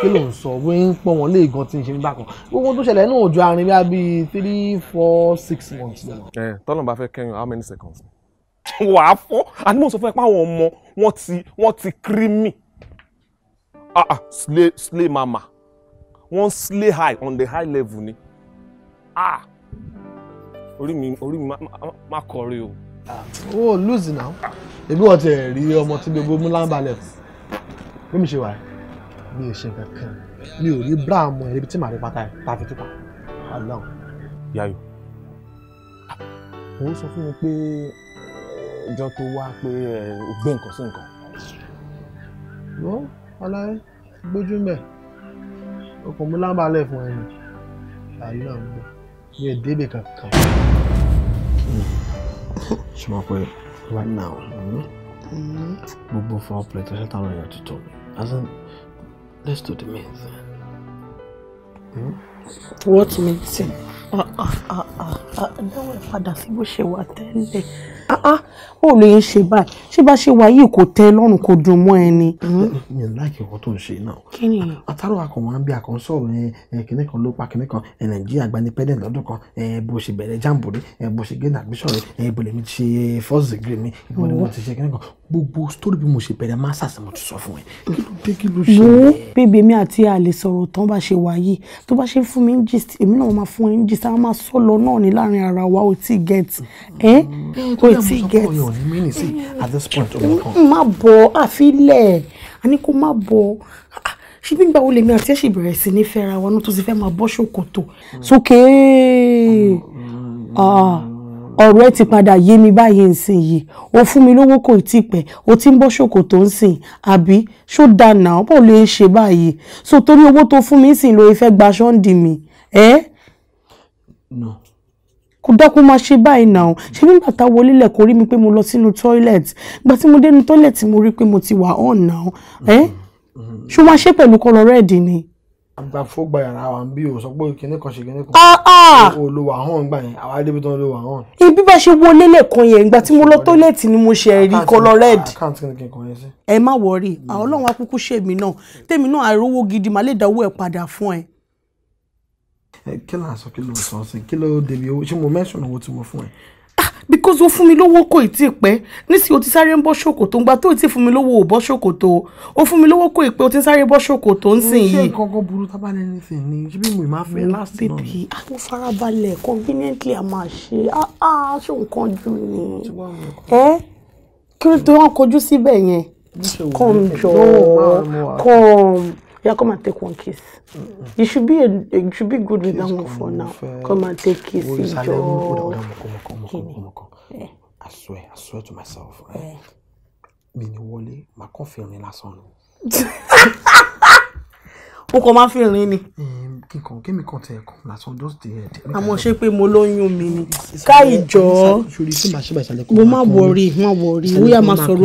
Speaker 7: kí ló ń sọ wọ́n ń pọ̀ wọ́n lé gan tí ń ṣe ní bákan gbogbo tó ṣẹlẹ̀
Speaker 5: náà ju àárín bí three four six months. ẹ tọ́lọ̀ bá fẹ́ kẹ́yìn how many seconds. wàá fọ́ àní mò ń sọ fún ẹ pé àwọn ọmọ wọn ti wọn ti creamy ah ah slay slay mama wọn slay high on the high level ni ah orí mi orí mi má kọrin o.
Speaker 7: Ah, o lose now
Speaker 5: ebi wọn ti rí ọmọ tí gbogbo mú láǹbalẹ̀ fún
Speaker 7: bí mi ṣe wà mi ò ṣe nǹkan kan mi ò rí bra ọmọ ẹ̀ ibi tí màá rí pátá ẹ̀ tá a fi túpa
Speaker 5: aláwọ̀. yayo òun sọ fún mi pé ìjọ tó wá pé o gbé nǹkan sí nǹkan. wọ́n
Speaker 7: aláyé gbójú mẹ́ ọkọ̀ mú lábàálẹ̀ fún ẹni aláwọ̀ mi ò débè kankan. ṣùgbọ́n pé right now mm-hmm. Mm-hmm. gbogbo fún ọ̀pẹ̀lẹ̀ tó ṣe táwọn èèyàn As in, let's do the meeting. Hmm? What
Speaker 2: meeting? thing? Ah, ah, ah, ah, ah, that was father, see what she was telling
Speaker 7: ah o lè ń ṣe báyìí ṣé bá ṣe wà yìí kò tẹ́ lọ́rùn kò dùn mọ́ ẹni. mi ò láìkí ọkọ tó ń ṣe náà. kí ni. àtàrò akọ̀wé à ń bí akọ̀ sọ̀rọ̀ kìnìún kan ló pa kìnìún kan nàìjíríà gba independent lọ́dún kan bó ṣe bẹ̀rẹ̀ jamboree bó ṣe gain admission rẹ̀ bó lè mi ṣe first degree mi ìwọ ni wọ́n ti ṣe kìnìún kan gbogbo story bí mo ṣe bẹ̀rẹ̀ masters mo ti sọ fún ẹ kí ló dé kí ló ṣe. wo
Speaker 2: bèbè mi àti àlè sọ̀rọ̀ tán bá ara wa ò tí ì sí
Speaker 7: get
Speaker 2: má bọ̀ àfilẹ̀ a ní kó má bọ̀ ṣé nígbà wo lèmi àti ẹ̀ ṣì bẹ̀rẹ̀ sí ní fẹ́ra wa ní tó ti fẹ́ máa bọ́ ṣòkòtò sókè mm. ah, ọ̀rọ̀ ẹ ti padà yé mi báyìí nsìn yìí o fún mi lówó kò tí pẹ́ o ti ń bọ́ ṣòkòtò nsìn àbí ṣó dànà ọ̀pọ̀ ló ń ṣe báyìí so torí owó tó fún mi nsìn ló fẹ́ gba ṣọ́ǹdì mi ẹ́. no kò dákun máa ṣe báyìí náà ṣe nígbà tá a wọlé lẹ̀ kò rí mi pé mo lọ sínú toilet ìgbà tí mo dé inú toilet mo rí pé mo ti wà on now ẹ ṣé wọ́n ṣe pẹ̀lú kọ́lọ́ rẹ́ẹ̀dì ni.
Speaker 7: àgbà fọgbà yàrá wa bí o sọ pé kinní kan ṣe kinní kan ah, ah! o lo wà hàn gbà yẹn àwa débi tó ń lo wà hàn.
Speaker 2: ibi bá ṣe wọlé lẹ́ẹ̀kan yẹn ìgbà tí mo lọ toilet ni mo ṣe rí kọ́lọ́ rẹ́ẹ̀dì. ẹ má wọrí àwọn ọlọ́run akúkú ṣèmi náà tèmi náà àìrówó gidi má lè dáwọ́ ẹ̀ padà fún ẹ.
Speaker 7: Eh, kí ló àṣọ kí ló sọ ọ débi owó ṣé mo mẹ́sàn-án owó tí mo fún ẹ.
Speaker 2: Ah, because o fún mi lówó kò ì tí ì pẹ́ nísìnyí o ti sáré ń bọ́ ṣòkòtò ńgbà tó ì tí fún mi lówó ò bọ́ ṣòkòtò o fún mi lówó kò ì pẹ́ o ti sáré bọ́ ṣòkòtò ń sìn yìí. ṣé
Speaker 7: nǹkan burú tábà ní anything ni ṣé bí máa fẹ́ mm, last náà. bèbí
Speaker 2: àwọn farabalẹ̀ conveniently a máa ṣe aṣọ ah, ah, nǹkan jù ni ẹ eh? kí ló tó wọn kojú síbẹ̀ yẹn
Speaker 1: come jọ̀ọ́
Speaker 2: come yeah, come and take one kiss. Mm -mm. You should be a, you should be good with that one for now. Fair. Come and take kiss. enjoy.
Speaker 7: I swear, I swear to myself. Eh. Mini Wally, my màá kàn fi rìn lásán ni.
Speaker 2: O kò máa fi rìn ni.
Speaker 7: Kíkan kémi kan tẹ̀ ẹ̀kọ́ lásán just the head. Àmọ́
Speaker 2: ṣé pé mo lóyún mi ni? Ká ìjọ́. Mo má wọrí, má wọrí, wíyà We are my fún.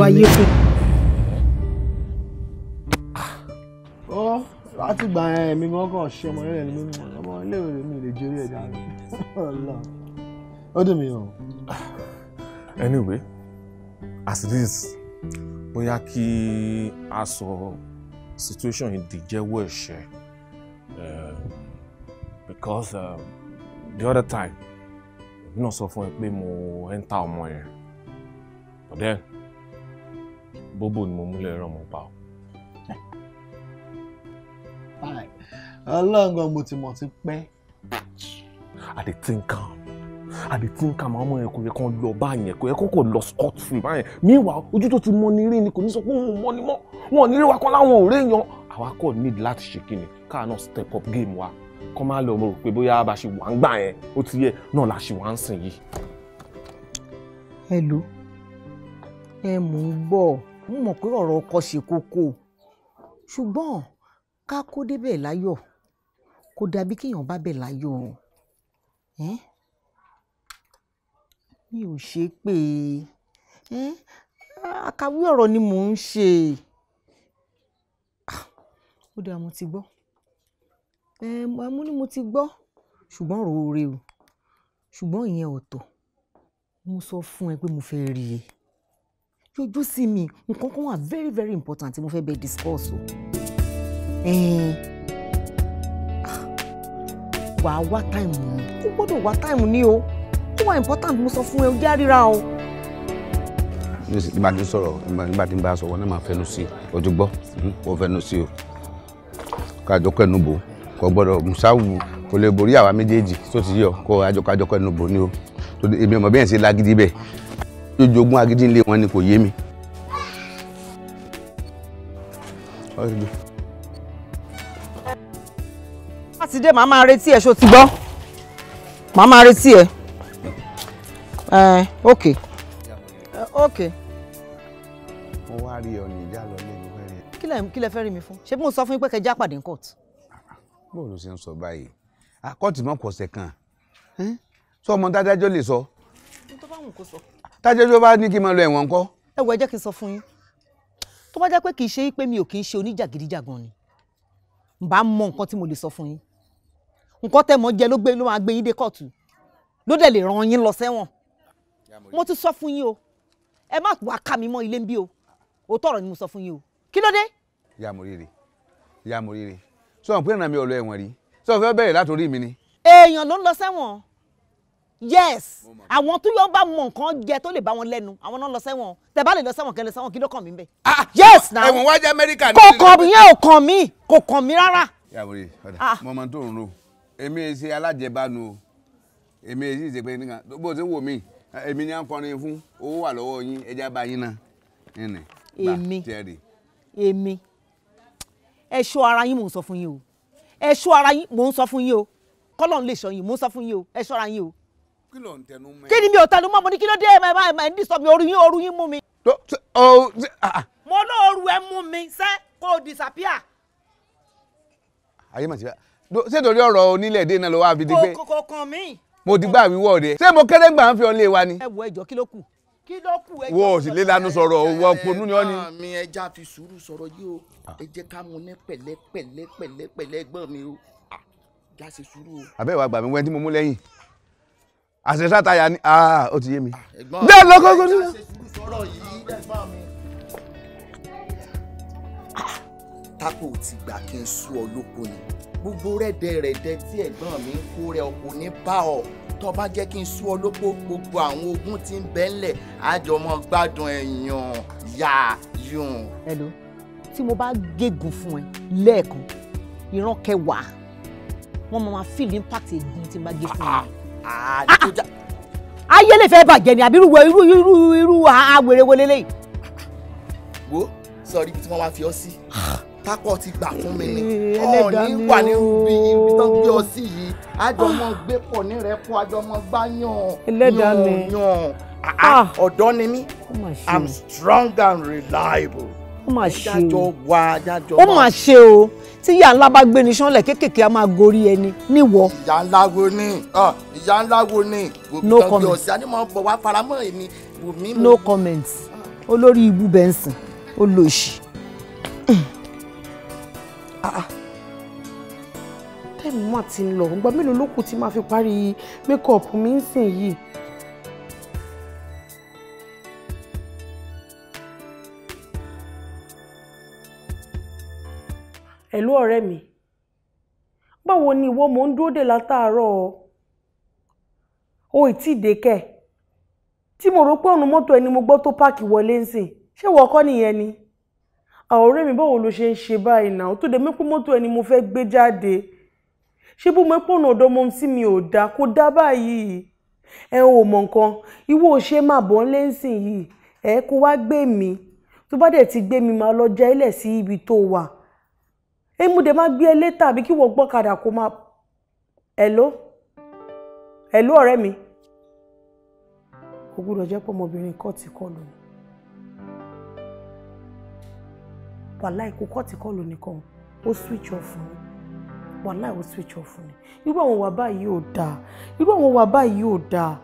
Speaker 7: látìgbà yẹn èmi gan kàn ṣe ọmọ ilé mi ọmọ ilé mi lè jẹrí ẹja rẹ ó dùn mí o.
Speaker 5: anyway as it is bóyá kí a sọ situation yìí di jẹ́wọ́ ẹ̀ṣẹ̀ eh, because um, the other time èmi náà sọ fún ẹ pé mo enter ọmọ yẹn but then bóbó ni mo múlẹ̀ rán ọmọ pa o ọlọ́run gan mo ti mọ̀ ti pẹ́. àdè tí ń kàn máa mọ yẹn kò lọ báyẹn kò yẹ kó kò lọ scot free báyẹn meanwhile ojú tó ti mọ ní rí ni kò ní sọ pé òun mọ ni mọ wọn ò ní rí wa kan láwọn ò réèyàn àwa kò need láti ṣe kí ni káà náà step up game wa kọ́ máa lọ mo rò pé bóyá bá ṣe wà ń gbà yẹn ó ti yẹ náà la ṣe wà ń sìn yìí.
Speaker 2: hello ẹ mò ń bọ̀ mo mọ̀ pé ọ̀rọ̀ ọkọ ṣe kókó ṣùgbọ́n ká kó débẹ̀ láyọ̀ kó dàbí kéèyàn bá bẹ̀ láyọ̀ o mi ò ṣe é pé àkàwé ọ̀rọ̀ ni mò ń ṣe ah, ó dáa mo ti gbọ́ mo ní mo ti gbọ́ ṣùgbọ́n ọ̀rọ̀ oore o ṣùgbọ́n ìyẹn ọ̀tọ̀ mo sọ fún ẹ pé mo fẹ́ rí ẹ yọjú sí mi nǹkan kan wà very very important mo fẹ́ bẹ discuss o. Eh. Ah. wà á wá táìmù ni kó gbọ́dọ̀ wá táìmù ni o ó wà important mo sọ fún ẹ o jẹ́ àríra o.
Speaker 9: nígbà tí n sọ̀rọ̀ nígbà tí n bá sọ̀rọ̀ náà máa fẹnu sí i ojú gbọ́ kó fẹnu sí i o kájọ kẹnu bò kó gbọ́dọ̀ musawu kò lè borí àwa méjèèjì tó ti yọ kó àjọ kájọ kẹnu bò ni o èmi ọmọ bẹ́ẹ̀ ṣe lágídí bẹ́ẹ̀ jojogún agídí ńlé wọn ni kò yé mi. Olha
Speaker 2: ti dé màá máa retí ẹ ṣó ti gbọ́ màá máa retí ẹ ẹ eh, ok eh, ok.
Speaker 9: mo wá rí ọ ní ìjà lọ ní ìlú
Speaker 2: fẹ́rẹ̀. kí lẹ kí lẹ fẹ́ rí mi fún ṣé mo sọ fún yín pé kẹjá pàdé ní court.
Speaker 9: bóòlù ṣe ń sọ báyìí àkọ́ọ̀tì mọ́ kọ̀ọ̀sẹ̀ kan sọ ọmọ tájájọ́ lè sọ. tó bá wù kó sọ. tájájọ́ bá ní kí n máa lọ ẹ̀wọ̀n ńkọ́.
Speaker 2: ẹ wọ ẹ jẹ́ kí n sọ fún yín tó bá jẹ́ pé kì í ṣe pé mi ò kì í ṣe oníjàgídíjàgan ni n bá mọ nǹkan tí mo lè sọ fún yín nǹkan tẹ̀ mọ́ jẹ ló gbé ló máa gbé yín dé kóòtù ló dẹ̀ lè ràn yín lọ sẹ́wọ̀n mo ti sọ fún yín o ẹ má wá ká mi mọ́ ilé ń bí o òótọ́ ọ̀rọ̀ ni mo sọ fún yín o kí ló dé.
Speaker 9: ìyá mo rire ìyá mo rire sọ wọn pé ìrìnà mi ò lọ ẹ̀wọ̀n rí sọ wọn fẹ́ bẹ̀rẹ̀ látòrí mi ni.
Speaker 2: èèyàn ló ń lọ sẹ́wọ̀n yes àwọn tó yọ bá mọ nǹkan jẹ tó lè bá wọn lẹ́nu àwọn náà lọ sẹ́wọ̀n tẹ́ bá lè lọ sẹ́wọ̀n kẹlẹ sẹ́wọ̀n kí ló kàn mí bẹ.
Speaker 8: Ah, yes na ẹ̀wọ̀n wájú amẹ́ríkà. kò kàn mí yẹn ò kàn mí kò kàn mí rárá.
Speaker 9: ìyá mo ọ̀dà ah. mo máa ń tó òun rò èmi ẹ ṣe alájẹbánu o èmi ẹ sì ṣe pé nìkan bó ti wò mí èmi ni à ń kọrin fún owó wà lọ́wọ́ yín ẹja bá yín náà ẹnì bá tẹ̀rì. èmi
Speaker 2: ẹ ara yín mò ń sọ fún yín o ẹ ara yín mò ń sọ fún yín o kọ́lọ́n lè ṣọ́ yín mò ń sọ fún yín o ẹ ara yín o.
Speaker 9: kí ló ń tẹnu mọ́
Speaker 2: ẹ. kí ni mi ò tẹnu mọ́ mo ní kí ló dé ẹ máa ẹ ní sọ mi
Speaker 9: oru yín oru yín mú mi. Ah, ah. mo lóoru ẹ mú mi sẹ́ kó o disappear. ayé màtí bá ṣé torí ọ̀rọ̀ onílẹ̀ èdè náà ló wá fi di pé
Speaker 8: kò kàn mí.
Speaker 9: mo ti gbà wíwọ́ rẹ̀ ṣé mo kéré gbà ń fi ọ́n lé wa ni. ẹ
Speaker 8: wo ẹjọ kí ló kù kí ló kù ẹjọ. wo ò sì lè lanu
Speaker 9: sọ̀rọ̀ wọ ponú ni ọ́ ni.
Speaker 8: mi ẹja fi sùúrù sọ̀rọ̀ yìí o ah. ẹ jẹ́ ká mu ní pẹ̀lẹ́pẹ̀lẹ́pẹ̀lẹ́pẹ̀lẹ́ ẹgbọ́n mi o ah, já ṣe sùúrù o.
Speaker 9: àbẹ́ ìwà gbàmí wẹ́n tí mo mú lẹ́yìn àṣẹṣà táyà ni ah, ó ti yé mi. bẹ́ẹ̀ lọ́kọ́ kó ní.
Speaker 8: tápò ti gbà kí n sú ọ lóko ni gbogbo rẹ́dẹ̀rẹ̀dẹ̀ tí ẹ̀gbọ́n mi ń kó rẹ ọkọ ní bá ọ tó bá jẹ́ kí n sú ọ lópó gbogbo àwọn ogun tí ń bẹ́ ńlẹ̀ àjọmọ́ gbádùn ẹ̀yàn yà yùn. hello tí mo bá gégùn
Speaker 2: fún ẹ lẹ́ẹ̀kan ìran kẹwàá wọ́n máa feel impact egun
Speaker 8: tí n bá gé fún ẹ. Ah, ah, ah,
Speaker 2: ayé lè fẹ́ bàjẹ́ ni àbí irú irú irú irú
Speaker 8: àwèrèwò lélẹ́yìí. wo sọ̀rí ibi tí wọ́n wá fi ọ sí takọ ti gbà fún mi ni eh, ọ̀ọ́ni wà ní ibi ibi tán gbé ọ sí yìí àjọmọ gbé pọ̀ ní rẹ̀ àjọmọ gbá yàn yàn ah. ọ̀dọ́ ni mí i'm strong and reliable. ó mà ṣe o ó mà
Speaker 2: ṣe o tí ìyá ńlá bá gbé ni sánlẹ̀ kéékèèké a máa gorí ẹni níwọ. ìyá ńlá wo
Speaker 8: ni ìyá ńlá wo ni no comment ọ̀sẹ̀ ànímọ̀ bọ̀ wá faramọ́ èmi. no
Speaker 2: comment olórí ibú bẹ́ẹ̀ ń sìn ó lòṣì. Ah, ah. tẹ́ẹ̀mù mà ti ń lọ ìgbà mélòó ló kù tí màá fi parí mékọ̀ọ̀pù mi ń sìn yìí. ẹ̀lú ọ̀rẹ́ mi báwo ni ìwọ mò ń dúró dè látàárọ̀ o ì tí ì dé kẹ̀ tí mo rò pé ọ̀nà mọ́tò ẹni mo gbọ́ tó páàkì wọlé ń sìn ṣé ìwọ kọ́ nìyẹn ni. Yeni? àwọn ọ̀rẹ́ mi báwo ló ṣe ń ṣe báyìí náà tó dẹ̀ mẹ́pọ̀ mọ́tò ẹni mo fẹ́ gbé jáde ṣé bó mẹ́pọ̀ ọ̀nà ọ̀dọ́ mọ́ sí mi ò dáa kó dá báyìí ẹ ò mọ̀ nǹkan ìwọ ò ṣe máa bọ́ lẹ́sìn yìí ẹ kó wá gbé mi tó bá dẹ̀ ti gbé mi máa lọ já ilẹ̀ sí ibi tó wà ẹ mú dẹ̀ máa gbé ẹ létà àbí kí wọ́n gbọ́kadà kó máa hello hello ọ̀rẹ́ mi kò gbúdọ̀ jẹ́ pọ̀ ọmọbìnrin kọ́ ti kọ́ lónìí. wàláì kò kọ́ọ̀tì kọ́ọ̀lù nìkan ó switch off ni wàláì ó switch off ni irú àwọn wà báyìí ò dáa irú àwọn wà báyìí ò dáa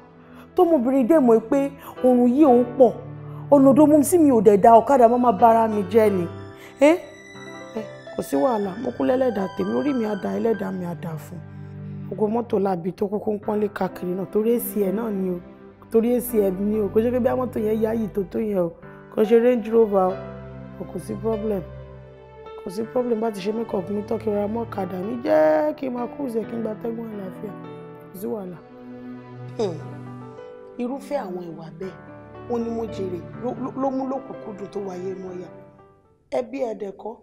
Speaker 2: tọmọbìnrin dẹ̀ mọ̀ pé oorun yìí ò ń pọ̀ ọ̀nà òdo mú sí mi ò dẹ̀ da ọ̀kadà má má bára mi jẹ́ ni ẹ ẹ kò sí wàhálà mo kú lẹ́lẹ́dàá tèmi orí mi àdá ẹlẹ́dàá mi àdá fún gbogbo mọ́tò láàbì tó kúkú ń pọ́nlé káàkiri náà torí èsì ẹ̀ náà ni o torí èsì ẹ̀ ni o kò ṣe pé bí àwọn mọ́tò yẹn yáyì tó tó yẹn o kò ṣe Range Rover o o kò sí problem kò sí problem bá ti ṣe make up mi tán kí n ra mọ́kadà mi jẹ́ kí n máa cruise ẹ̀ kí n gba tẹ́gùn àlàáfíà kò sí wàhálà. Hmm. irúfẹ́ àwọn ìwà bẹ́ẹ̀ ó ní mo jèrè ló mú lòkùnkúndùn tó wáyé mọ́yà ẹbí ẹ̀dẹ̀kọ́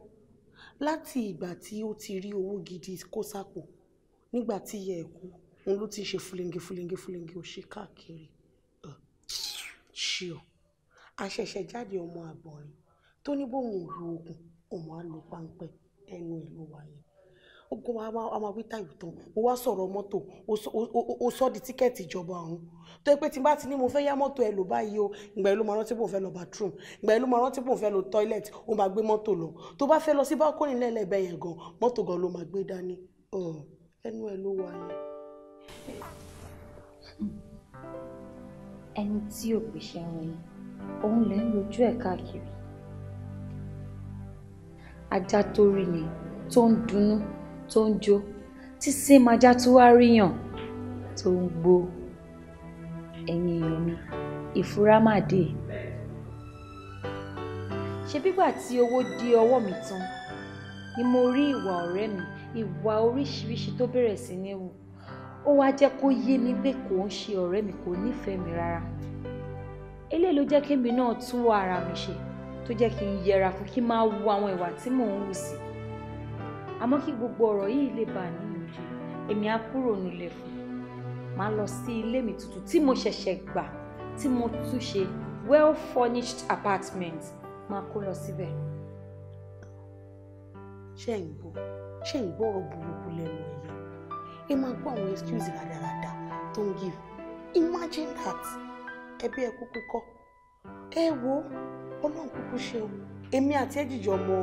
Speaker 2: láti ìgbà tí ó ti rí owó gidi kó sápò nígbà tí ìyá ẹ̀ kú òun ló ti ṣe fúlẹ̀ǹgì fúlẹ̀ǹgì fúlẹ̀ǹgì ò ṣe káàkiri ṣíọ àṣẹ̀ṣẹ̀ jáde ọmọ àgbọ̀nrín tó ní bóun ò lu oògùn òun á lo páńpẹ́ ẹnu ìlú wa yẹn ogun a máa wí táyò tán o wá sọ̀rọ̀ mọ́tò o sọ di tíkẹ́ẹ̀tì ìjọba ọ̀hún tó yẹ pé tí n bá ti ní mo fẹ́ yá mọ́tò ẹ lò báyìí o ìgbà yẹn ló máa rántí ń fẹ́ lọ bathroom ìgbà yẹn ló máa rántí ń fẹ́ lọ toilet o máa gbé mọ́tò lọ tó bá fẹ́ lọ sí bákọ́nì lẹ́lẹ́bẹ̀ yẹn gan mọ́tò gan ló máa gbé dání ẹnu ẹ ló wà
Speaker 3: ẹni tí òpèsè ẹran yìí òun lè ń lojú ẹ̀ káàkiri ajá tó rí ni tó ń dunnú tó ń jó tí sèm ajá tó wá ríyàn tó ń gbó ẹ̀yin èèyàn mi ìfura má dé ṣe bígbà tí owó dé ọwọ́ mi tán ni mo rí ìwà ọ̀rẹ́ mi ìwà oríṣiríṣi tó bẹ̀rẹ̀ sí ní wù ó wá jẹ́ kó yé mi pé kò ń ṣe ọ̀rẹ́ mi kò nífẹ̀ẹ́ mi rárá eléyìí ló jẹ́ kémi náà tún ara mi ṣe tó jẹ́ kí n yẹra fún kí n máa wo àwọn ìwà tí mò ń hù sí àmọ́ kí gbogbo ọ̀rọ̀ yìí lè bà ní ìyànjú èmi á kúrò nílé fún màá lọ sí ilé mi tuntun tí mo ṣẹ̀ṣẹ̀ gbà tí mo tún ṣe well furnished apartment máa kó lọ síbẹ̀. ṣé ń gbọ́ ṣé ń gbọ́ ọ̀rọ̀ burúkú lẹ́nu ẹ̀yà ẹ máa gbọ́ àwọn excuse
Speaker 2: rádaràda tó ń give imagine that ẹbí ẹ kúkú kọ́ ẹ wo ọlọ́run kúkú ṣe o èmi àti ẹ̀jìjọ ọmọ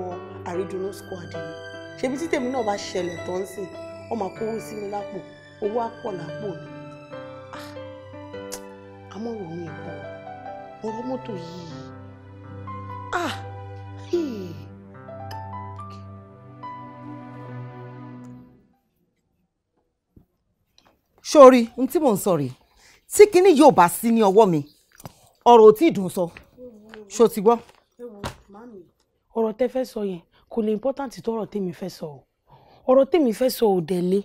Speaker 2: àrídùnú squad ni ṣebí tí tèmi náà bá ṣẹlẹ̀ tó ń sìn wọ́n máa kówó sí mi lápò owó á lápò mi ah! àmọ́ rò mí ọ̀rọ̀ mọ́tò yìí sórí ah! n tí mò ń sọ rèé tí kinní yóò bá sí ní ọwọ́ mi ọ̀rọ̀ ò tí ì dùn sọ. So ṣó ti gbọ́. ọ̀rọ̀ tẹ fẹ́ sọ yẹn kò lè important tó ọ̀rọ̀ tèmi fẹ́ sọ o ọ̀rọ̀ tèmi fẹ́ sọ ò dẹ̀ lé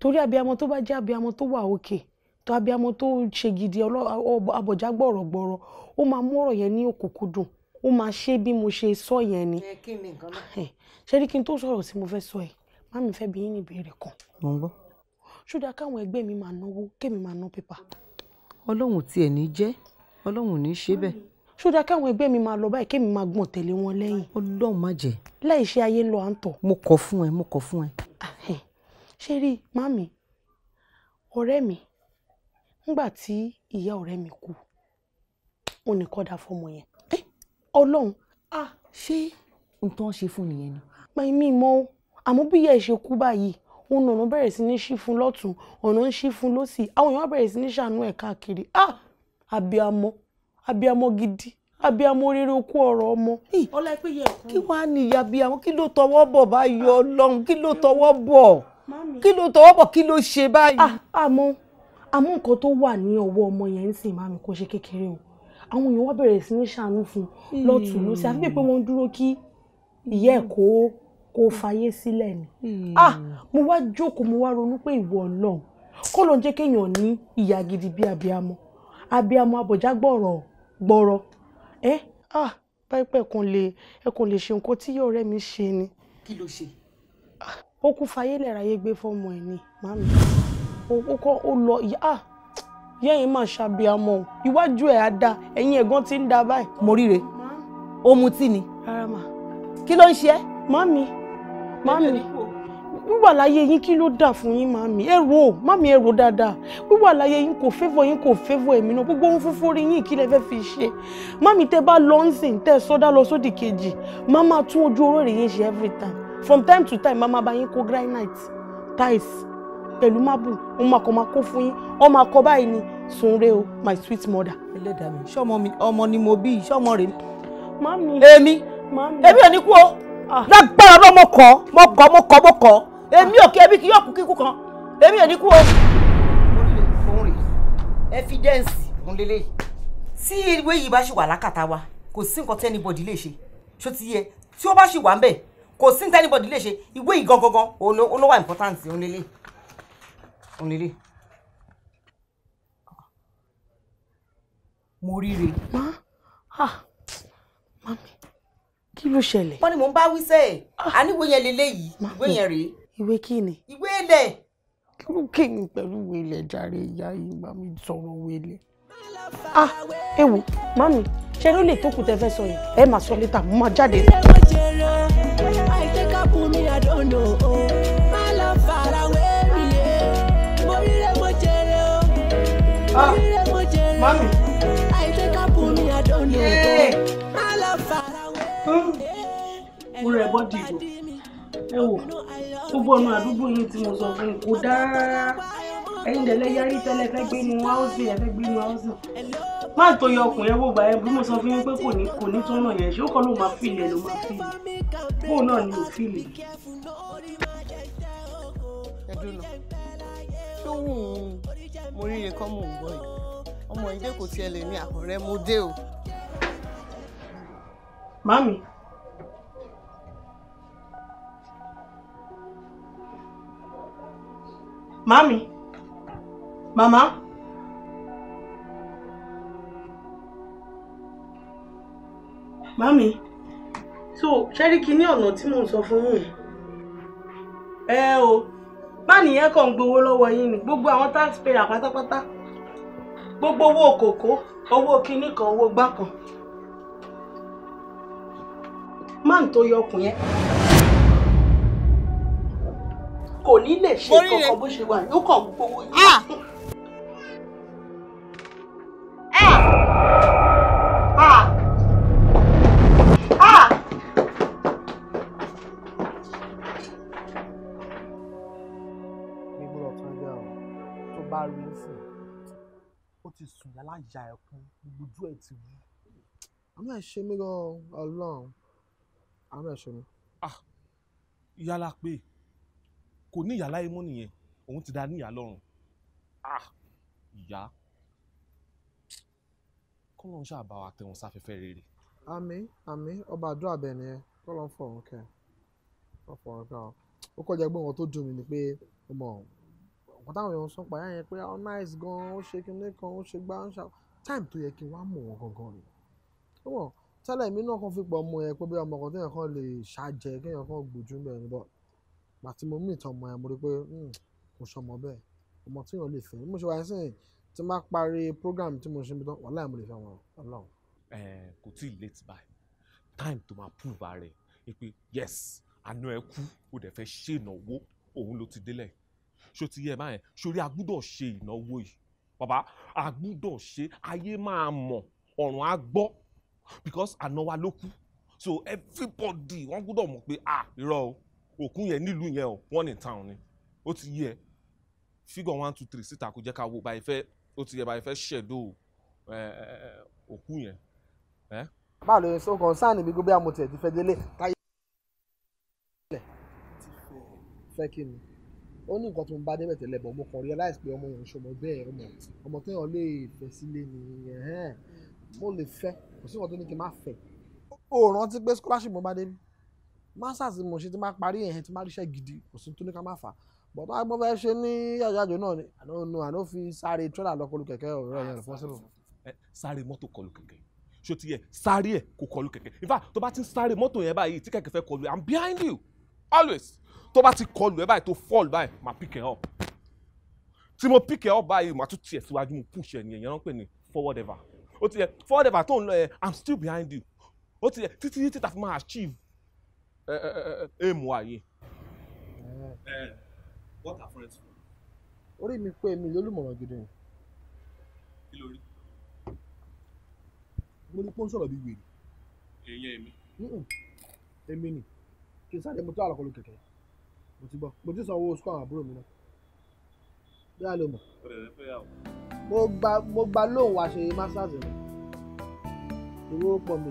Speaker 2: torí abiyamọ tó bá jẹ́ abiyamọ tó wà òkè tó abiyamọ tó ṣe gidi abọ̀já gbọ̀rọ̀gbọ̀rọ̀ ó máa mú ọ̀rọ̀ yẹn ní òkúkúdùn ó máa ṣe bí mo ṣe sọ yẹn ni ṣé rí kí n tó sọ̀rọ̀ tí mo fẹ́ sọ yìí má mi fẹ́ ṣúdà káwọn ẹgbẹ́ mi máa náwó kémi máa ná pépà. ọlọ́run tiẹ̀ ní jẹ́ ọlọ́run ní í ṣe bẹ́ẹ̀ ṣódà káwọn ẹgbẹ́ mi máa lọ báyìí kémi máa gbọ̀n tẹ̀lé wọn lẹ́yìn. ọlọ́run má jẹ́. láì ṣe ayé ń lọ à ń tọ̀. mo kọ fún ẹ mo kọ fún ẹ. ṣé rí màmí ọ̀rẹ́ mi ńgbà tí ìyá ọ̀rẹ́ mi kú òun ní kọ́dà fọmọ yẹn. ọlọ́run a ṣé nǹkan ṣe fún nìyẹn ni. pẹ̀lú mi mọ́ o àmọ́ bí ìyá ẹ̀ ṣe kú báyìí òun ọ̀nà bẹ̀rẹ̀ sí ní ṣí fún lọ́tún ọ̀nà ń ṣí fún lọ́sì àwọn èèyàn bẹ̀rẹ̀ sí ní ṣàánú ẹ̀ káàkiri ah àbí amọ́ abiamọ gidi abiamọ rere okú ọ̀rọ̀ ọmọ. ọlá ẹ pé yẹ ẹkú. kí wàá nìyí abiamọ kí ló tọwọ́ bọ̀ báyọ̀ ọlọ́run kí ló tọwọ́ bọ̀ kí ló tọwọ́ bọ̀ kí ló ṣe báyìí. Ah, àmọ́ àmọ́ nǹkan tó wà ní ọwọ́ ọmọ yẹn ń sìn mami kò ṣe kékeré o àwọn èèyàn wá bẹ̀rẹ̀ sí ní ṣàánú fún un lọ́tún lọ́sí àfi pé wọ́n ń dúró kí ìyá ẹ̀ kó kó fàyè sílẹ̀ ni. Ah, mo wá jókòó mo wá ronú pé ìwọ ọlọ́run kọ́ ló ń jẹ́ kéèyàn ní ìyá gidi bí abiamọ abiamọ abọ̀já gbọ̀rọ̀ gbọ́rọ̀ ẹ́ ah báyìí pé ẹ̀kan lè ẹ̀kan lè ṣe nǹkan tí yóò rẹ́ mi ṣe ni. kí ló ṣe. ó kú fayé lẹ́ra yé gbé fọ́ọ̀mù ẹ̀ ni màmí ó kọ́ ó lọ ah yẹ́yìn máa ṣàbíamọ́ iwájú ẹ̀ á da ẹ̀yìn ẹ̀gán ti ń da báyìí. mo ríre ó ni. kí ló ń ṣe é. màmí màmí wíwà láyé yín kí ló dà fún yín màmí ẹ rò ó màmí ẹ rò ó dáadáa wíwà láyé yín kò fẹ́fọ̀ yín kò fẹ́fọ̀ ẹ̀mí náà gbogbo ohun fúnfún rí yín kí lẹ fẹ́ fi ṣe màmí tẹ bá lọ ń sìn tẹ sọdá lọ sódì kejì màmá tún ojú oró rè yín ṣe every time from time to time màmá bá yín kó granite tiles pẹ̀lú marble òun máa kọ́ máa kó fún yín ọmọ akọ báyìí ni sunre o my sweet mother. ẹlẹ́dàá mi ṣọ́mọ mi ọmọ ni mo bí ṣọ́mọ rè mi. màmí èmi èmi ò ní kú o ah. lágbára lọ́mọ kọ́ mọ́kọ́ mọ́kọ́ mọ́kọ́ èmi ò kí ẹbí kí yóò kú kíkú kan èmi ò ní kú o. fún rè ẹfidẹ́ǹsì fún lélẹ̀ yìí. tí ìwé yìí bá ṣì wà lákàtà wa kò sí nǹkan tí anybody lè ṣe ṣó ti yẹ tí ó bá ṣì wà ń bẹ̀ kò sí nǹkan tí anybody lè ṣe ìwé yìí gangan gan òun ló lélẹ̀ òun lélẹ̀. mo ríre. má ah mami kí ló ṣẹlẹ̀. wọ́n ní mò ń bá wí sẹ́ẹ̀ àníwò ah. yẹn lélẹ́yìí ìwé yẹn rèé ìwé kí ni. ìwé ilẹ̀. kí ló kéyìn pẹ̀lú ìwé ilẹ̀ jàre ìyá yìí bá mi sọ̀rọ̀ ìwé ilẹ̀. ah ẹ wò mami ṣe ló lè tókù tẹ fẹ́ sọ yẹn ẹ máa sọ létà mo máa jáde. ilé wọn ṣe rọ ah, àìsíkà fún
Speaker 1: mi àdánù o má lọ fara wé mi yé mo ríre mo jèrè o mo ríre mo jèrè o àìsíkà fún mi àdánù o
Speaker 2: má lọ fara wé mi yé ẹ̀rọ àdìmí ẹ wò tó bọ̀nù àdúgbò yìí tí mo sọ fún un kò dáa rárá ẹ̀yin dẹ̀lẹ́ yarí tẹ́lẹ̀ fẹ́ gbé nu housing ẹ̀ fẹ́ gbé nu housing má tó yọ ọkùnrin ẹwọ́ bá ẹ bí mo sọ fún yín pé kò ní kò ní tó náà yẹn ṣé ó kọ́ ló máa fìlẹ̀ ló máa fìlẹ̀ bóun náà ni ò fìlẹ̀. ṣé
Speaker 8: mo rí iye mò ń gbọ́ yìí ọmọ ìdẹ́kùn tiẹ̀ lè ní àkọ́rẹ́ mo dé o.
Speaker 2: màmí Mami. Mama. Mami. So, ṣẹ́ríkì ní ọ̀nà tí mò ń sọ fún yín. Ẹ o, báàní yẹn kàn ń gbowó lọ́wọ́ yín ni gbogbo àwọn taxpayer pátápátá. Gbogbo owó kòkó, owó kinní kan, owó gbá kan. Máà ń tó yọkùn yẹn kò ní lè ṣe kankan bó ṣe wà yóò kàn gbowó yìí. Ah! Ah! Ah!
Speaker 7: ti sùn yàrá ìyá ẹkún gbogbo ojú ẹ ti wú. àmọ́ ẹ ṣe mí gan Ọlọ́run àmọ́ ẹ ṣe mí.
Speaker 5: ìyá la pè é kò ní ìyá láyé mọ́ nìyẹn òun ti da ní ìyá lọ́rùn ah ìyá kọ́lọ́ ń ṣàbá wa tẹ̀wọ̀n sáfẹ́fẹ́ rere.
Speaker 7: àmín àmín ọba àdúrà bẹ̀ ni ẹ kọ́lọ́ ń fọ̀rùn kẹ́ ọ fọ̀rùn kẹ́ ọ ó kọjá gbọ́n wọn tó dùn mí ni pé ó mọ̀ ọ̀kan táwọn èèyàn sọ pa yá yẹn pé ó oh, nice gan ó ṣe kinní kan ó ṣe gbá ń ṣá time tó yẹ kí n wá mọ̀ wọn gangan rè ó mọ̀ tẹ́lẹ̀ mi náà kàn fi pọ̀ mọ ẹ pé bí ọmọ kan téèyàn kan lè ṣàjẹ́ kéèyàn kan gbójú mẹ́rin bọ́ọ̀ gbàtí mo meet ọmọ yẹn mo rí pé hmm, kò sọmọ bẹ́ẹ̀ ọmọ tí yàn lè fẹ́ mo ṣe wáyé sẹ́yìn tí n parí program tí mo ṣe mi tán wàhálà mo lè fẹ́ wọn Ọlọ́run.
Speaker 5: ẹ kò tí ì late by time tó máa prove ara ẹ pé yes àná ẹ kú o dẹ̀ fẹ́ ṣe ìnáwó òun ló ti délẹ̀ ṣó ti yẹ báyẹn sórí a gbúdọ̀ ṣe ìnáwó yìí bàbá a gbúdọ̀ ṣe ayé máa mọ̀ ọ̀run á gbọ́ because àná wa ló kú so everybody wọ́n gbúdọ̀ mọ̀ pé ah irọ́ o òkun yẹn nílùú yẹn o one in town ni ó ti yẹ figure one two three síta kò jẹ́ ká wo báyìí fẹ́ ó ti yẹ báyìí fẹ́ ṣẹ̀dó òkú yẹn.
Speaker 7: báwo ló ń sọ concern mi gbogbo àmọ́ tiẹ̀ ti fẹ́ délé táyé fẹ́ kí ni ó ní nǹkan tó ń bá débẹ̀ tẹ́lẹ̀ bọ̀ mo kàn realize pé ọmọ yẹn ń ṣọmọ bẹ́ẹ̀ ọmọ ọmọ téèyàn lè fẹ́ sílé ni mo lè fẹ́ kò sí nǹkan tó ní kí n má fẹ́. o rántí pé scholarship mo bá dé mi masters mo ṣe ti máa parí ẹ̀hìn ti máa ríṣẹ́ gidi kò sí tó ní ká má fà á bọ̀dá agbọ́n fẹ́ ṣe ní yàjájò náà ni àná àná
Speaker 5: fi sáré tírọ́là lọ kẹ̀kẹ́ ọ̀rọ̀ yẹn fún sílò. sáré mọ́tò kọlu kẹ̀kẹ́ ṣó ti yẹ sáré ẹ̀ kò kọlu kẹ̀kẹ́ in fact tó bá ti ń sáré mọ́tò yẹn báyìí tí kẹ̀kẹ́ fẹ́ kọlu i'm behind you always tó bá ti kọlu ẹ báyìí tó fall báyìí máa pick ẹ up tí mo pick ẹ up báyìí máa tún tiẹ̀ síwájú mo push ẹ nìyẹn yẹn forward ever ó forward ever i'm still behind you ó ti yẹ títí títí tàfi achieve èèmù eh, eh, eh, ààyè. what are friends for. orí mi pé èmi lólùmọ̀ràn gidi ni. kí ló rí. mo ní pọ́n sọ̀rọ̀ bí wèrè. èèyàn èmi.
Speaker 7: èmi ni kì í sáré mo tó àlọ́kọ́lù kẹ̀kẹ́ mo ti bọ́ mo ti san owó sukọ àwọn àbúrò mi náà bí a lè mọ̀. mo gba mo gba lóun wá ṣe masters rẹ̀ ìwé ó pọ̀ mi.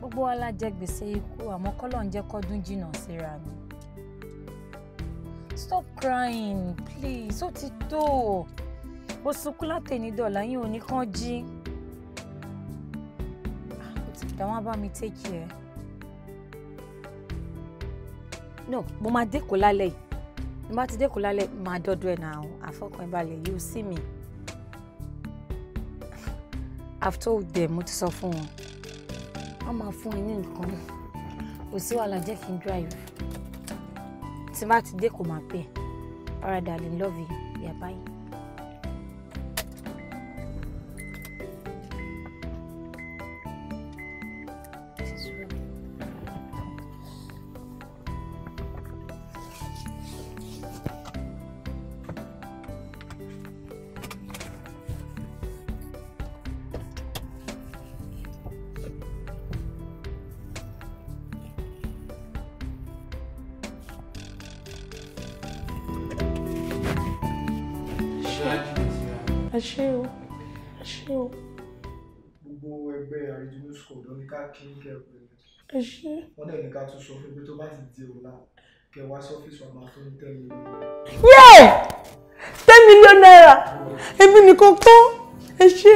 Speaker 3: gbogbo wa la jẹ gbèsè ikú àmọ́ kọ́lọ̀ ń jẹ́ kọ́dún jìnnà síra ni. stop crying please ó ti tó o sunkún látẹ̀ní dọ̀là yín ò ní kán jí. Ah, ó ti dá wọn bá mi tẹ́kì ẹ. no mo máa dẹ́kọ̀ lálẹ́ yìí mo bá ti dẹ́kọ̀ lálẹ́ máa dọ́dọ̀ ẹ̀ náà àfọkànbalẹ̀ you see me. I've told them mo ti sọ fún wọn wọ́n máa fún ẹ ní nǹkan kò sí wàhálà jẹ́ kí n drive tí bá ti dé kò máa pè all right darling love you yà báyìí.
Speaker 7: bá tún sọ fún mi tó ti di ọ̀la kẹ wá sí ọ́fíìsì wa máa fún ten
Speaker 2: million. yẹ ten million naira èmi nìkan kọ́ ẹ ṣe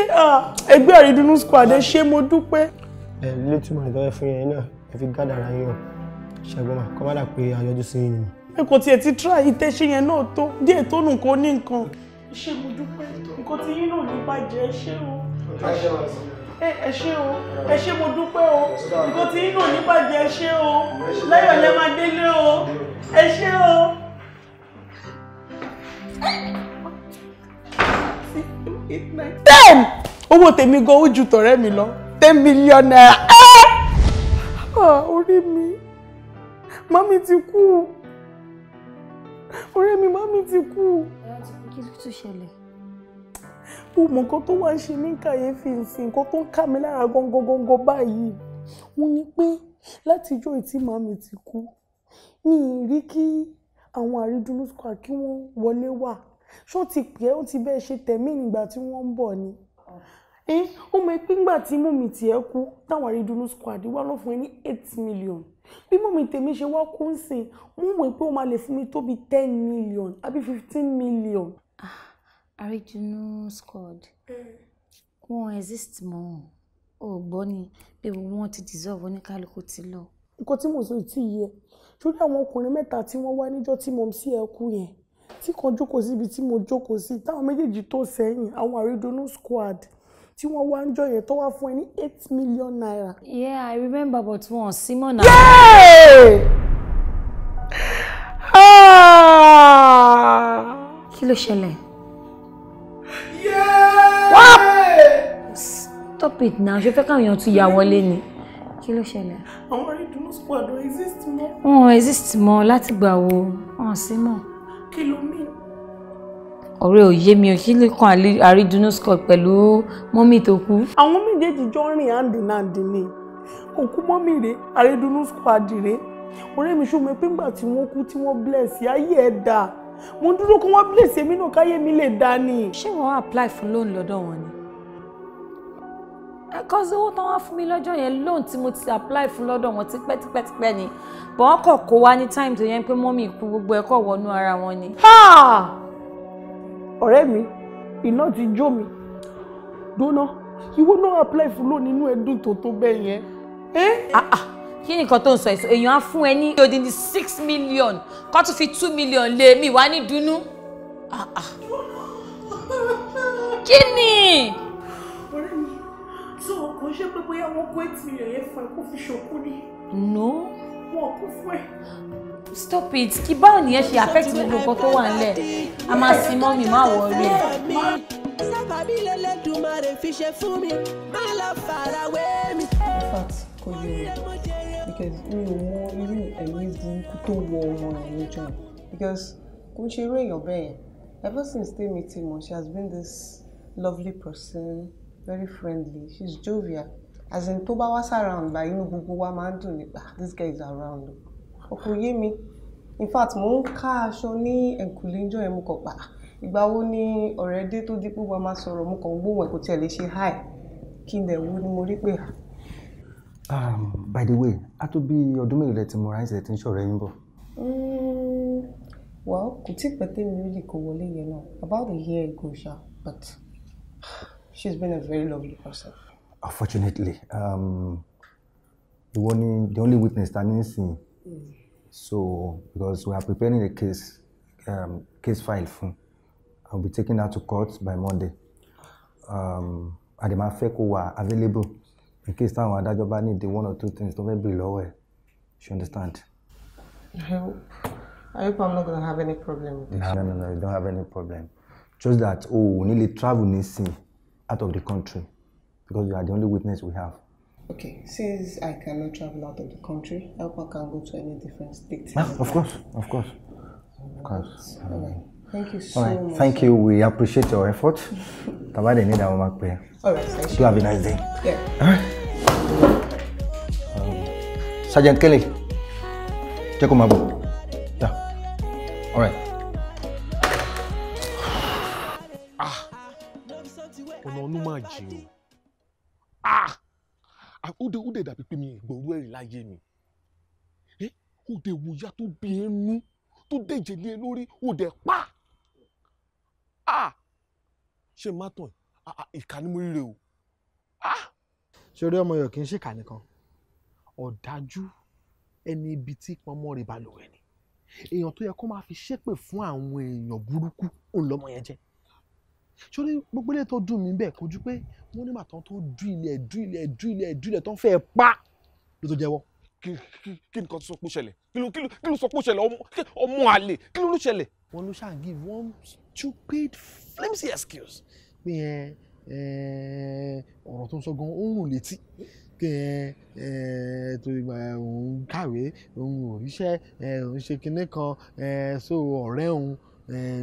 Speaker 7: ẹgbẹ́ àrídùnnú squad ẹ ṣe mo dúpẹ́. ẹ lè túmọ̀ ìtọ́jú fún yẹn náà ẹ fi gádàrá yín o ṣẹ́gun mà kọ́ má dà pé àyọjú sí yín ni.
Speaker 2: ẹ kò tiẹ̀ ti try ìtẹ̀sí yẹn náà tó díẹ̀ tó nù kó ní nǹkan. ṣé mo dúpẹ́ nǹkan tí yín náà ní bàjẹ́ ṣé o ẹ ṣé o ẹ ṣé mo dúpẹ́ o nǹkan tí inú ní bàjẹ́ ẹ ṣé o láyọ̀ lẹ máa délé o ẹ ṣé o. ten owó tèmi gan ó ju mi lọ ten million naira. orí mi mami ti kú ọ̀rẹ́ mi mami ti kú. kí ló tún ṣẹlẹ̀ ó mọ nǹkan tó wá ń ṣe ní kàyéfì nsìn nǹkan tó ń kà mí lára gọ́ngọ́ngọ́ngọ́ báyìí wọ́n ní pé látijọ́ ìtí màmí ti kú mi ì rí kí àwọn àrídúnú square kí wọ́n wọlé wà ṣó ti pẹ́ ó ti bẹ́ẹ̀ ṣe tẹ̀mí nígbà tí wọ́n ń bọ̀ ni ó mọ pé ńgbà tí mọ̀mí tiẹ̀ kú táwọn àrídúnú squad wà lọ́ fún ẹ ní eight million bí mọ̀mí tèmi ṣe wá kú ń sìn mo pé ó máa lè fún mi tó ten
Speaker 3: million àbí fifteen million. Ah original squad mm. wọn exist mọ́ ò gbọ́ ni We wọ́n ti dissolve oníkálukú ti lọ.
Speaker 2: nǹkan tí mo sọ tí yẹ sórí àwọn ọkùnrin mẹ́ta tí wọ́n wá níjọ́ tí mo ń sí ẹkú yẹn tí kan jókòó síbi tí mo jókòó sí táwọn méjèèjì tó sẹ́yìn àwọn àrídọ́nù
Speaker 3: squad tí wọ́n wá ń jọ yẹn tó wá fún ẹ ní eight million naira. yeah i remember but wọn ò sí mọ́ náà. kí ló ṣẹlẹ̀. stop it now ṣe fẹ́ káwọn èèyàn tún ya wọlé ni kí ló ṣẹlẹ̀.
Speaker 2: àwọn ìdùnnú squad ò exist mọ́. wọn ò
Speaker 3: exist mọ́ láti gbà wo wọn sí mọ́. kí ló mí. ọ̀rẹ́ ò yé mi ò kí lè kan àrídùnnú squad pẹ̀lú mọ́mì tó kú.
Speaker 2: àwọn méjèèjì jọ ń rìn àǹdínàǹdì ni òkú mọ́mì rè àrídùnnú squad rè ọ̀rẹ́ mi ṣùgbọ́n pé ńgbà tí wọ́n kú tí wọ́n bless ayé ẹ̀ dáa mo dúró kó wọ́n bless èmi náà káyé mi lè dá ni. ṣé wọ́n apply for loan lọ́dọ̀ wọn ni
Speaker 3: because owó tán wá fún mi lọ́jọ́ yẹn loan tí mo ti apply fún lọ́dọ̀ wọn tipẹ́tipẹ́tipẹ́ ni but wọ́n kọ̀ kó wá ní time tó yẹn pé mọ́mí ikú gbogbo ẹ̀kọ́ wọnú ara wọn ni.
Speaker 2: ọ̀rẹ́ mi iná ti jó mi dóná ìwọ náà apply fún loan nínú ẹ̀dùn tó tó bẹ́ẹ̀ yẹn. Eh? Ah, ah.
Speaker 3: kí ni nǹkan tó ń sọ èso èèyàn á fún ẹ ní odindi six million kó tún fi two million lé mi wá ní dùnnú. Ah, kí ni
Speaker 2: kò ṣe pé bóyá wọn kó eight million yẹn fún ẹ kó fi ṣòkú ni. no. wọn kú fún ẹ.
Speaker 3: stop it kí báwo nìyẹn ṣe affect gbogbo nǹkan tó wà nílẹ̀ a máa sin mọ́ mi máa wọ rí ẹ.
Speaker 1: sábàbí lẹ́lẹ́dùnmarè fi ṣe fún mi má lọ farawé mi. in fact kò yẹ o
Speaker 2: because mi ò mọ irú ẹ̀mí burúkú tó wọ ọmọ rẹ̀ níjọ́ because kò ń ṣe eré èèyàn bẹ́ẹ̀ ever since tèmi ti mọ̀ she has been this lovely person very friendly she's jovial as in tó bá wá sàràǹd bá inú gbogbo wa máa ń dùn nípa ah, this guy is around o yé mi in fact mo ń ká aṣọ ní ẹ̀kúlé ńjọ́ yẹn mo kàn pa ìgbà wo ni ọ̀rẹ́ dé tó di púpọ̀ máa sọ̀rọ̀ mo kàn gbóhùn ẹ̀ kò tiẹ̀ lè ṣe hi kí n dẹ̀ wo ni mo rí pé.
Speaker 6: Um, by the way a tó bí ọdún mélòó lẹ ti mọ ráìsì tí ń ṣọ̀rẹ́ yín bọ̀.
Speaker 2: Hmm, well kò tí pẹ́ tẹ́mi rí kò wọlé yẹn náà about a year ago ṣá but She's been a very lovely person.
Speaker 6: Unfortunately, um, the only the only witness that is seen. Mm. So because we are preparing the case um, case file for, I'll be taking that to court by Monday. Um, àdèmà fẹ́ who are available in case táwọn adájọ́ job. need the one or two things tó fẹ́ bèrè lọ́wọ́ she understand.
Speaker 2: I hope, I hope I'm not gonna have any
Speaker 8: problem with
Speaker 6: this. No, no, no, you don't have any problem. Just that oh, we need to travel nísìnyí out of the country because you are the only witness we have.
Speaker 8: Okay, since I cannot travel
Speaker 2: out of the country, Elpa can go to any different state. Yeah, of
Speaker 6: course, of course, of course.
Speaker 2: Thank you so right. much. Thank you. We
Speaker 6: appreciate your effort. Tabade need our mark prayer. All right. Thank you. Do have a nice day. Yeah. All right. Um, Sergeant Kelly, check on my book. Yeah. All right.
Speaker 5: ọ̀nà ọ̀nù máa jìn o ah ude ah, ude dàbí pé mi ìgbòho ẹ̀rìn láyé mi ude wòyá tó bí ẹnu tó dẹ̀jẹ̀ ní ẹ lórí ude pa ah ṣe má tàn ah, ah,
Speaker 7: ìkà ni mo rí rè o ah. ṣeré ọmọ yọ kì í ṣèkà nìkan ọ̀dájú ẹni ibi tí pọnmọ́ rẹ̀ balùwẹ̀ ni èèyàn tó yẹ kó máa fi ṣépè fún àwọn èèyàn burúkú òun lọ́mọ yẹn jẹ́ sórí gbogbo ilé tó dùn mí bẹ́ẹ̀ kò
Speaker 5: pé wọ́n ní màtán tó dùn ilẹ̀ dùn ilẹ̀ dùn ilẹ̀ dùn ilẹ̀ tó ń fẹ́ pa ló tó jẹ́wọ́. kí kí nǹkan tó sọ pé ṣẹlẹ̀ kí ló kí ló sọ pé ṣẹlẹ̀ ọmọ àlè kí ló ló ṣẹlẹ̀. wọn ló ṣáà give one stupid flimsy excuse pé ẹ
Speaker 7: ọ̀rọ̀ tó ń sọ gan ó ń rùn létí pé ẹ ẹ tó ìgbà òun kàwé òun ò ríṣẹ́ òun ṣe kinní kan ẹ so ọ̀rẹ́ òun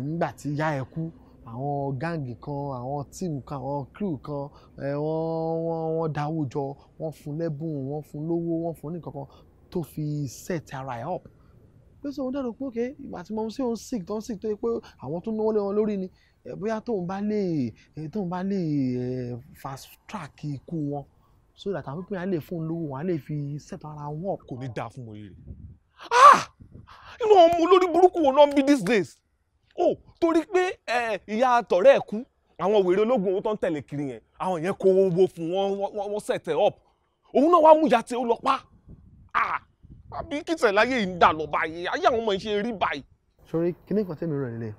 Speaker 7: nígbà tí yá ẹ kú àwọn gáàngì kan àwọn tíìmù kan àwọn crew kan wọ́n wọ́n wọ́n jọ wọ́n fún lẹ́bùn wọ́n fún lówó wọ́n fún nǹkan tó fi set ara ẹ̀ up pé sọ wọn dẹ́rù pé ok àti mọ̀ sí òun sick tó ń sick tó yẹ pé àwọn tó náwó lé wọn lórí ni bóyá tóun bá lè tóun bá lè fast track ikú wọn so that àwọn pípín á lè fún un lówó wọn lè fi set ara
Speaker 5: wọn up. kò ní dáa fún mo rí rẹ. ah inú ọmọ olórí burúkú wo náà ń bí these days o torí pé ìyá àtọ̀rẹ́ ẹ̀ kú àwọn wèrè ológun owó tó ń tẹ̀lé kiri yẹn àwọn yẹn kó owó fún wọn wọ́n set ẹ̀ up òun náà wàá mú ìyá tí ó lọ pa àbí kìtẹ̀ láyé yìí ń dà lọ báyìí ayé àwọn ọmọ yìí ṣe rí báyìí. sori kíní
Speaker 7: kan tẹ́mi rẹ̀ nílé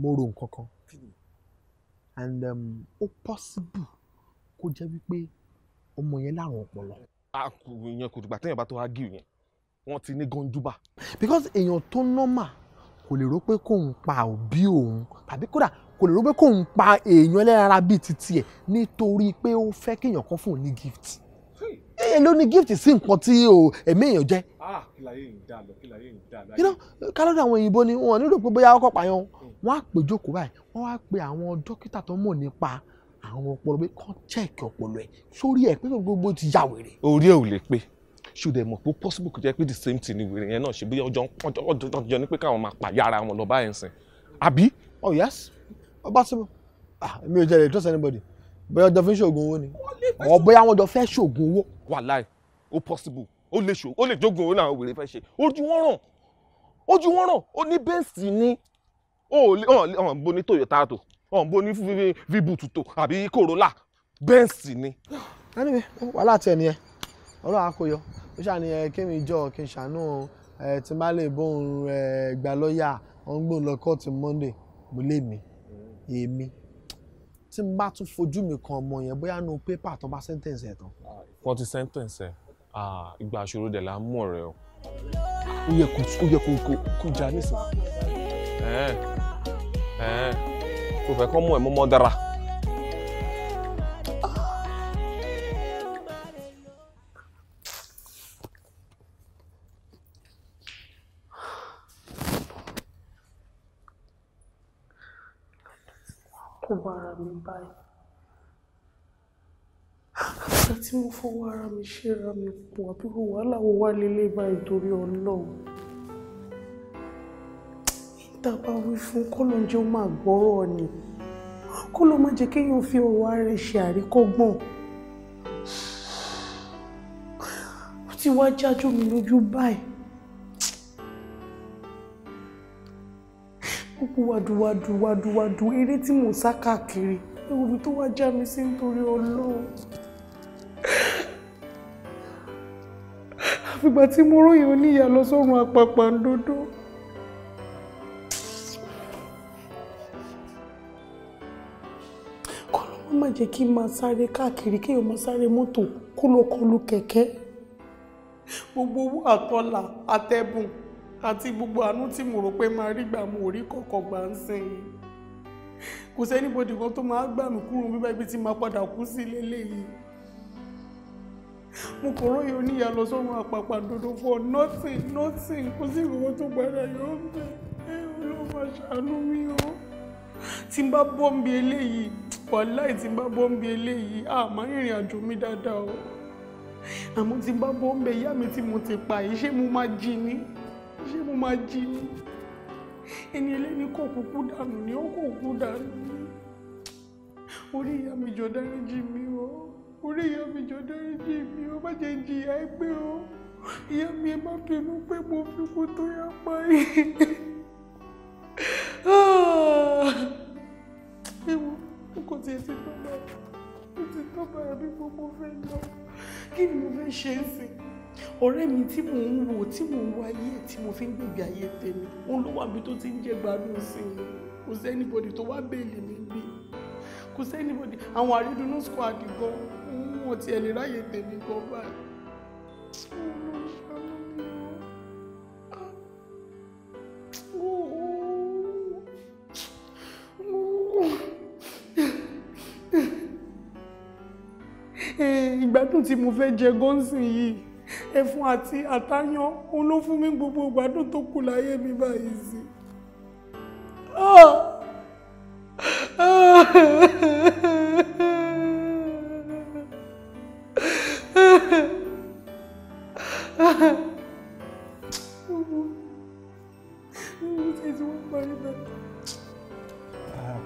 Speaker 7: mo ro nǹkan kan
Speaker 5: and um, ó
Speaker 7: possible kó jẹ́ wípé ọmọ yẹn láwọn ọpọlọ.
Speaker 5: a kò yẹn kò dùgbà téèyàn bá tó wá gíw yẹn wọ́n ti ní gọ́ńdúbà.
Speaker 7: because èèyàn tó nọ́mà kò lè rò pé kóun pa òbí òun tàbí kódà kò lè rò pé kóun pa èèyàn ẹlẹ́rara bíi titi ẹ̀ nítorí pé ó fẹ́ kéèyàn kan fún un ní gift hmm. èèyàn ló ní gift sí nǹkan tí ẹ̀mí èèyàn jẹ́.
Speaker 5: Ah, you know
Speaker 7: kálọ́dọ̀ àwọn òyìnbó ni wọn nílò pé bóyá ọkọ̀ pààyàn hmm. wọn á pè jókòó báyìí wọn á pe àwọn dókítà tó mọ̀ nípa àwọn ọpọlọ pé kán chẹ́ẹ̀kì ọpọlọ ẹ̀ sórí ẹ̀ pé gbogbo ti yà wèrè.
Speaker 5: orí ò lè pe ṣùdẹ̀ mọ̀ pé possible kò jẹ́ pé the same thing ni wèrè yẹn náà ṣe bóyá ọjọ́ ọjọ́ ni pé káwọn máa pàyà ara wọn lọ bá yẹn sìn àbí. oh yes ó oh, possible
Speaker 7: ah mi ò jẹ́ lè trust anybody bóyá ọjọ́ fi ń ṣoògùn owó ni ọ̀ bóyá wọ́n jọ fẹ́ ṣoògùn owó.
Speaker 5: wàláì ó possible ó lè ṣò ó lè jogun owó làwọn wèrè fẹ́ ṣe ojú wọn ràn ojú wọn ràn ó ní bẹ́ẹ̀sì ni ó ń bo ní Toyota tó ó ń bo ní vibutu àbí Corolla bẹ́ẹ̀sì ni.
Speaker 7: anyway wàhálà tiẹ̀ nìyẹn ọlọ́run á kó yọ ó ṣàní ẹ kémi jọ kí n ṣàánú ẹ tí má lè bóun ẹ gba lọ́ọ̀yà wọn lọ kóòtù monday gbólé mi èmi tí n bá tún fojú mi kan ọmọ yẹn bóyá nu pépà tó bá sẹ́ńtẹ̀ǹsì ẹ̀ tán.
Speaker 5: wọ́n ti ìgbà àṣòro dẹ̀ la mú ọ̀rẹ́ o. ó yẹ kó ó yẹ kó kó jà nísìnyí. ẹ ẹ kò fẹ́ kọ́ mú ẹ̀ mú mọ́ dára.
Speaker 2: mi báyìí àgbà tí mo fọwọ́ ara mi ṣera mi pọ̀ àbúrò wàhálà wo wá lélẹ̀ báyìí torí ọlọ́run níta bá wí fún kó ló ń jẹ́ ó máa gbọ́rọ̀ ni kó ló má jẹ́ kéèyàn fi ọ̀rọ̀ ara ṣe àríkọ́gbọ̀n ó ti wá jájú mi lójú báyìí. wádùwádù wádùwádù eré tí mò ń sá káàkiri ewu mi tó wá já mi sí nítorí ọlọ́run àfìgbà tí mo róyìn oníyà lọ sọ́run àpàpàǹdodo. kọ́ ló má jẹ́ kí n máa sáré káàkiri kéèyàn máa sáré mọ́tò kó kẹ̀kẹ́ gbogbo owó àtọ́là àtẹ̀bùn àti gbogbo àánú tí mo rò pé máa rí gbà mo ò rí kọ̀ọ̀kan gbà ń sìn yìí kò sẹ́ni bòdì kan tó máa gbà mí kúrò bíbá ibi tí máa padà kú sí lélẹ́yìí mo kò róye oníyà lọ sọ́run àpàpà dodo for nothing nothing kò sí ìrówó tó gbàdá yóò bẹ ẹ olóòwò àṣàánú mi o tí n bá bọ́m̀bì eléyìí wàláì tí n bá bọ́m̀bì eléyìí àmọ́ ìrìn àjò mi dáadáa o àmọ́ tí n bá bọ́m̀bì ìyá mi tí mo ti pa ṣé mo máa jí ni ṣé mo máa jí ni ẹni ẹlẹ́ni kò kúkú dànù ni ó kò kú dànù ni orí ìyá mi jọ dáríjì mi o orí ìyá mi jọ dáríjì mi o má jẹ́ jìyà ẹgbẹ́ o ìyá mi ẹ má bínú pé mo fi kú tó yá pa yìí ewu ah! n kò tiẹ̀ ti tọ́ báyìí n ti tọ́ báyìí bí gbogbo fẹ́ lọ kí ni mo fẹ́ ṣe é sí ọ̀rẹ́ mi tí mò ń wò tí mò ń wá ayé ẹ̀ tí mo fi ń gbègbè ayé tèmi òun ló wà bí tó ti ń jẹ́ gbádùn sí i kò sẹ́nibọ̀dì tó wá bẹ́ẹ̀lì mi gbé kò sẹ́nibọ̀dì àwọn àrídùnú squad gan wọn ti ẹ̀ ráyè tèmi gan báyìí. ìgbádùn tí mo fẹ́ jẹ gọ́nsìn yìí ẹfun àti àtayán òun ló fún mi gbogbo ìgbádùn tó kù láyé mi báyìí sí. Ah,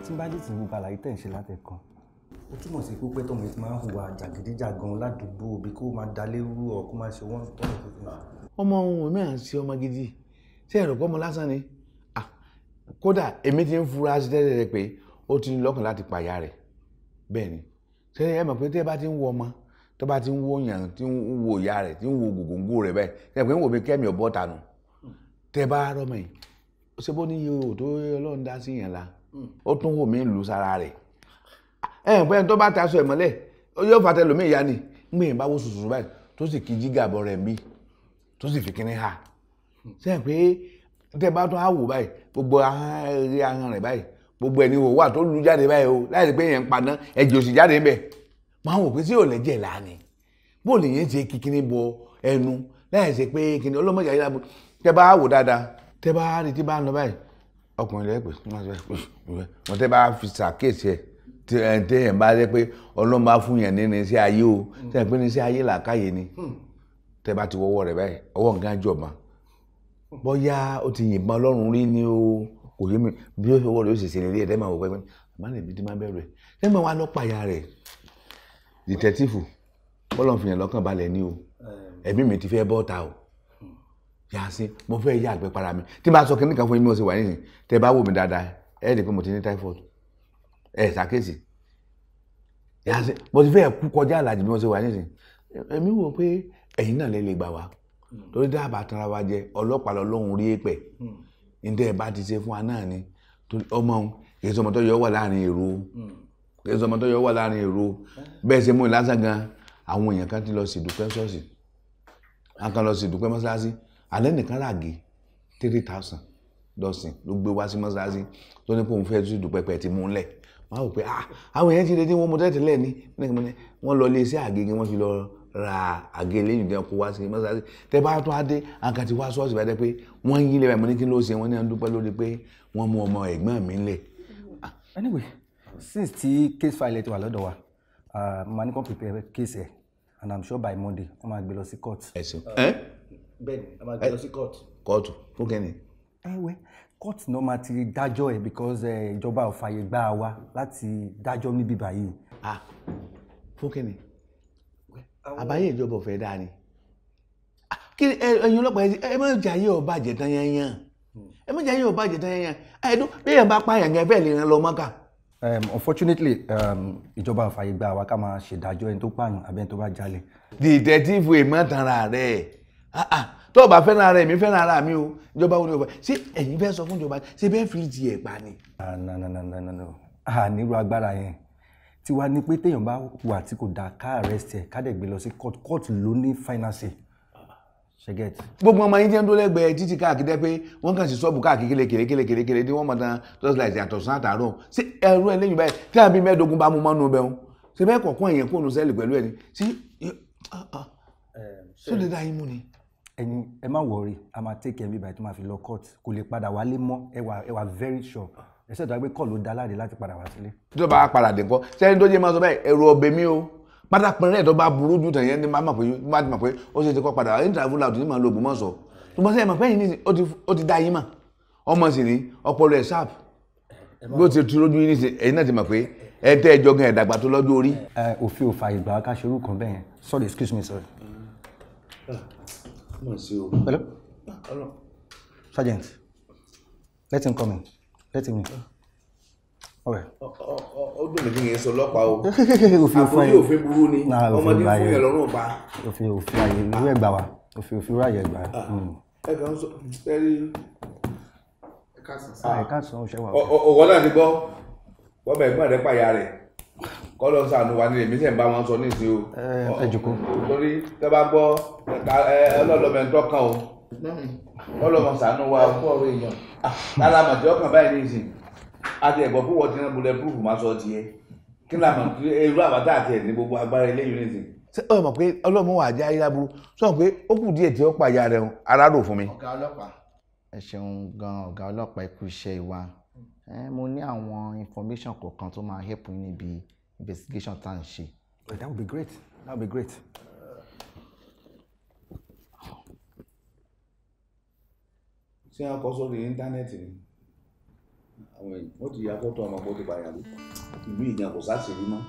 Speaker 6: tí n bá jẹ́ tí mo bàlàyé tẹ̀ ń ṣe látẹ̀kọ́ ó túmọ̀ sí pé pẹ́tọ́ mi ti máa ń hùwà jàgídíjàgan ládùúgbò bí kó máa dalérú ọ̀ kó máa ṣe wọ́n tọ́
Speaker 9: ọmọ ohun mi à ń ṣe
Speaker 6: ọmọ gidi ṣé ẹ̀rọ
Speaker 9: pọ́nmọ lásán ni kódà èmi ti ń fura sí tẹ́lẹ̀ rẹ pé ó ti ní lọ́kàn láti pàyà rẹ̀ bẹ́ẹ̀ ni ṣé ẹ mọ̀ pé tẹ́ bá ti ń wo ọmọ tó bá ti ń wo yàn tí ń wo ìyá rẹ̀ tí ń wo gògóńgò rẹ̀ bẹ́ẹ̀ tẹ́ pé ń wo mi kẹ́mi ọ̀bọ tanu tẹ́ bá rọ́mọ yìí ṣé bó ní iye òtó ọlọ́run dá sí yàn la hmm. ó tún wò mí lù sára rẹ̀ ẹ̀ pẹ́ tó bá taṣọ ẹ̀ mọ́lẹ̀ yóò fà tẹlomi ìyá ni ngbé yẹn bá wó sùsù báyìí tó sì kí jígà bọ̀ mí tó sì fi kíní ha ṣe é pé tẹ́ bá tún á wò báyìí gbogbo ahọ́n ahọ́n rẹ̀ báyìí gbogbo ẹni wò wà tó lu jáde báyìí o láì rí pé yẹn ń paná ẹ̀jẹ̀ òsì jáde ńbẹ̀ máa wò pé tí ò lẹ́jẹ̀ láàánì bóòlù yẹn ṣe kíkíní bọ ẹnu láì ṣe pé kíní ọlọ́mọdé ayé lábọ̀ tẹ́ bá wò dáadáa tẹ́ bá rí tí bá ń lọ báyìí ọkùnrin lẹ́pẹ̀ wọ́n tẹ́ bá fi ṣàkíyèsí ẹ̀ téèyàn bá dé pé ọlọ́run bá fún yàn nínú iṣẹ́ ayé o hmm. téèyàn pé ní iṣẹ́ ayé làákàyè ni hmm. tẹ́ bá ti wọ́wọ́ rẹ̀ báyìí ọwọ́ nǹkan àjọba hmm. bóyá ó ti yìnbọn ọlọ́run rí ni o kò yé mi bí ó wọ́n rẹ̀ ó sì ṣe nílé ẹ̀dẹ́ máa wọ̀ pẹ́pẹ́ àmọ́ lè bí ti bẹ̀rù ẹ̀ lẹ́gbẹ̀ẹ́ wa lọ́ọ́ pààyà rẹ̀ dìtẹ́tífù bọ́lọ̀ fìyàn lọ́kàn balẹ̀ ni o ẹ̀mí mi ti fẹ́ bọ́ ta o yàsí mo fẹ́ yá àgbẹ̀ para mi tí bá sọ kíní kan fún yín mi ò sì wà nísìnyí tẹ́ bá wò mí dáadáa ẹ̀ ẹ́ dì mo ti ní typhoid ẹ ṣàkíyèsí mo ti fẹ́ kú kọjá àlàjì bí wọ́n ṣe wà nísìnyí èmi wò pé ẹ̀yin náà lè lè gbà wá lórí hmm. dáàbà tara wa jẹ ọlọ́pàá lọ́lọ́run rí èpẹ̀ hmm. níta ẹ̀ bá ti ṣe fún wa náà ni ọmọ òun kì í sọmọ tó yọ wà láàrin èrò hmm. kì í sọmọ tó yọ wà láàrin èrò eh. bẹ́ẹ̀ ṣe mú ìlàsàn gan àwọn èèyàn kan ti lọ sí ìdúpẹ́ ṣọ́ọ̀ṣì a kan lọ sí ìdúpẹ́ mọ́ṣáláṣí alẹ́ nìkan ràgé three thousand lọ́sìn ló gbé wá sí mọ́ṣáláṣí tó ní kó òun fẹ́ sí ìdúpẹ́ pẹ̀ ti mú un lẹ̀ máa wò pé ah, àwọn èèyàn ti retí wọn mo tẹ́tẹ̀lẹ̀ ní wọ́n lọ iléeṣẹ́ àgègè wọ́n fi lọ ra àgé lẹ́yìn gan kó wá sí mọ́sálásí tẹ́ bá tó adé àǹkàtì wá ṣọ́ọ̀ṣì báyìí pé wọ́n yí lẹ́bàá mo ní kí ló
Speaker 6: ṣe wọ́n ní à ń dúpẹ́ lórí pé wọ́n mú ọmọ ẹ̀gbọ́n mi lẹ̀. anyway since ti case file ti wà lọ́dọ̀ wa mo ní kàn prepare case ẹ̀ and i'm sure by monday wọ́n máa gbé lọ sí court. ẹ ṣeun bẹ́ẹ̀ni a máa gbé lọ sí court. kóòtù fún kẹ́ni. ẹ wẹ court náà máa ti dájọ́ ẹ̀ because eh, ìjọba ò fààyè gbà wá láti dájọ́ níbí báyìí. ah fún kí ni àbáyé ìjọba ò
Speaker 9: fẹ́ dáa ni kí ẹ̀yin ọlọ́pàá ẹ má jẹ́ ayé ọba àjẹtán yanyan ẹ má jẹ́ ayé ọba àjẹtán yanyan àìdún bí èèyàn bá pààyàn gẹ́gẹ́ bẹ́ẹ̀ lè ràn lọ mọ́kà.
Speaker 6: Um, unfortunately um, ìjọba ò fààyè gbà wá ká máa ṣèdájọ́ ẹni tó pààyàn àbẹ́ni tó bá jalè. dìtẹ́tífù èèmọ̀ tanra rẹ̀ ah ah tó o bá fẹ́ràn ara èmi fẹ́ràn ara mi o ìjọba wo ni o fẹ́ ṣé ẹ̀yin fẹ́ sọ fún ìjọba ṣé bẹ́ẹ̀ fi di ẹ̀ pa ni. àníru ah, agbára yẹn tí wàá ní pé téèyàn bá wà tí kò dáa ká arrest ẹ̀ ká dẹ̀ gbé lọ sí court court ló ní finance ṣẹgẹtì.
Speaker 9: gbogbo ọmọ yín jẹ́ ń dó lẹ́gbẹ̀ẹ́ títí káàkiri dẹ́ pé wọ́n kàn sí ṣọ́ọ̀bù káàkiri kéré kéré kéré kéré tí wọ́n mọ̀ tán tọ́sí láìsí àtọ̀sán àtàárọ̀ ṣé ẹrú ẹ lẹ́yìn báyìí tí àbí
Speaker 6: mẹ́ẹ̀ẹ́dógún bá mú mọ́nú bẹ́ẹ̀ ṣe bẹ́ẹ̀ kọ̀ọ̀kan èèyàn kó ni tí sóde ah, ah. dá yín mú ni ẹni ẹ má wọrí a máa take care mi báyìí tó máa fi lọ court kò lè padà wálé mọ́ ẹ wà very sure ẹsẹ̀ tó wá pé kọ́ ló da láre láti padà wá sílé. tó bá
Speaker 9: padà dé nǹkan sẹ́ni tó jẹ́ máa sọ bẹ́ẹ̀ ẹ̀rù ọ̀bẹ mi o pátápínrẹ́ tó bá burú jù tẹ̀yẹ́ ni máa mọ̀ pé ó ṣe ti kọ́ padà ẹni tàbí làwọn òdìní máa lo ògùn mọ́ sọ ṣùgbọ́n sẹ́yìn mọ̀ fẹ́yìn ní ó ti dá yín mà ọmọ sì ní ọpọlọ ẹ̀ sáàp bí ó ti tu lójú yín níṣẹ́ ẹ̀yin náà ti mọ̀ pé
Speaker 6: ẹ tẹ́ ẹ jọ gan ẹ̀dàgbà tó lọ́jọ́ orí. òfin òfà ìgbà ká ṣerú bẹ́ẹ̀ sorry excuse me sorry hello. hello. sergeant let him come in let him in. ó
Speaker 9: dùn mí kí n sọ ọlọ́pàá o òfin òfin òfin burú ni ah, ọmọdé fún yẹn lọ́rùn pa.
Speaker 3: òfin
Speaker 6: òfin ààyè ìlú ẹ̀gbà wa òfin òfin ráàyè ẹ̀gbà. Ah, ah. hmm.
Speaker 9: ẹ kàn ń sọ ẹ rí
Speaker 6: ẹ ká sàn sáà. ẹ ká sàn ó ṣe wà.
Speaker 9: ọ̀wọ́ náà ti gbọ́ wọ́n bẹ̀ ẹ̀gbọ́n rẹ̀ pàyà rẹ̀ kọlọ ń sànù wa ní èmi sì ń bá wọn sọ ní ìsìn o. ẹ jòkó. torí tẹ bá gbọ́ ọlọlọmọ ẹni tọkàn o ọlọmọ sànù wa o. Ah, lára màtí ọkàn báyìí ní ìsìn àti ẹ̀gbọ́n fún wọn ti rán bulẹ̀ púrúfù máa sọ tiẹ̀ kí ni àmọ̀ irú àbátá àti ẹ̀ ní gbogbo agbára eléyìí ní ìsìn. ṣé ọ mọ̀ pé ọlọ́mọ wà ajá ayé láburú sọ pé ó kù díẹ̀ tí ó pàyà rẹ̀ o
Speaker 8: ara rò fún mi. ọ̀gá ọlọ́pàá. ẹ ṣeun gan ọ̀gá ọlọ́pàá
Speaker 6: ẹ investigation tá à ń that would be great that would be great. ṣé wọn kọ sórí
Speaker 9: íńtánẹ́ẹ̀tì ni àwọn èèyàn wọn ti ya fọ́tò ọmọ gbọ́dọ̀ bàyàwó ìlú ìjà kò sá sí rí mọ́.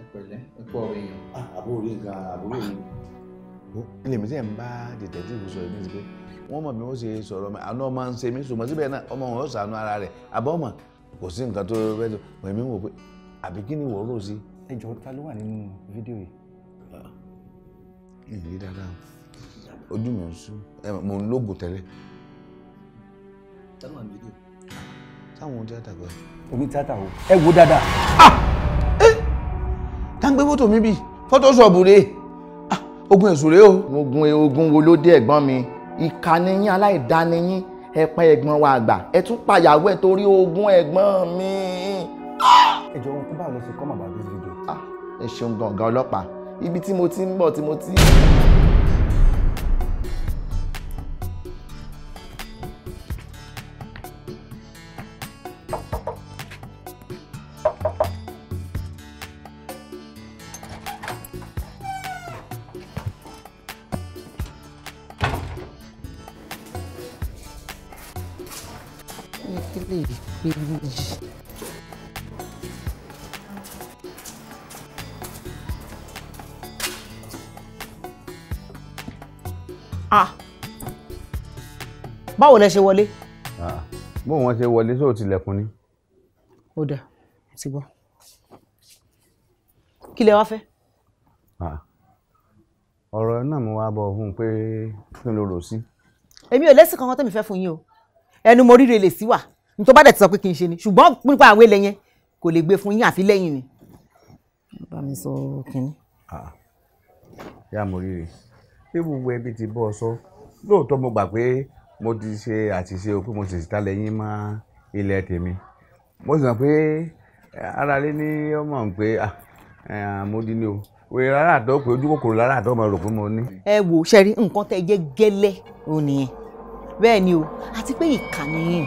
Speaker 9: ẹ pẹ̀lẹ́ ẹ pọ̀ ọ̀rọ̀ èèyàn. Ah, àbúrò yìí ga àbúrò mi. ilé mi ti ẹ̀ ń bá dìtẹ̀tìfù sọ̀rọ̀ ní ìsìnkú wọ́n mọ̀ bí wọ́n ṣe sọ̀rọ̀ mọ́ àná ọmọ ń ṣe mí sùn mọ́ síbẹ̀ náà ọmọ wọn yóò ṣàánú ara rẹ̀ àbọ̀ mọ̀ kò sí nǹkan tó rẹ́ tó mọ̀ èmi wò pé àbí kí ni ìwọ rò sí. ẹ jọ ta ló wà nínú fídíò yìí. ìrírí dáadáa ojú mi ń sú mo ń lóògùn tẹ́lẹ̀.
Speaker 6: táwọn fídíò. táwọn tíátà gbà. omi tíátà o ẹ wo dáadáa.
Speaker 9: Ah!
Speaker 8: táǹgbé fótó mi bì fọ́tọ́ṣọ̀bù rèé ogun èṣù rèé o. ogun e, ogun wo ló dé ẹ̀gbọ́n mi ìka ni yín aláìdá ni yín ẹ pa ẹ̀gbọ́n wa àgbà ẹ tún payàwó ẹ torí ogun ẹ̀gbọ́n mi. Ah! ẹ wọn kú báwo lẹ ṣe come about this video. Ah, ẹ ṣeun gan-an ọlọ́pàá ibi tí mo ti ń bọ̀ tí mo ti
Speaker 2: báwo lẹ ṣe wọlé.
Speaker 9: bó wọn ṣe wọlé sóò tilẹ̀kùn ni.
Speaker 2: ó dà ti gbọ́ kí lẹ wá fẹ́.
Speaker 9: ọ̀rọ̀ náà mo wá bọ̀ fún un pé kí n lè rò sí.
Speaker 2: èmi ò lẹ́sìn kankan tẹ́mi fẹ́ fún yín o ẹnu mo ríre lè sí wà ní tó bá dẹ̀ ti sọ pé kí n ṣe ni ṣùgbọ́n nípa àwọn ilẹ̀ yẹn kò lè gbé fún yín àfi lẹ́yìn ni. bá mi sọ kínní.
Speaker 9: yá mo ríre bí gbogbo ẹbí ti bọ́ ọ sọ lóòótọ́ mo gbà pé mo ti ṣe àṣìṣe o pé mo ṣèṣì talẹ̀ yín mọ́ ilẹ̀ tèmi mo sì mọ̀ pé ara lé ní ọmọ pé mo di ni o wèrè rárá àtọ́ pé ojú kòkòrò rárá àtọ́ mo rò pé mo ní. ẹ wò ṣe rí nǹkan tẹ jẹ gẹ́lẹ́ ò nìyẹn bẹ́ẹ̀ ni o àti
Speaker 2: pé ìkànnìyìn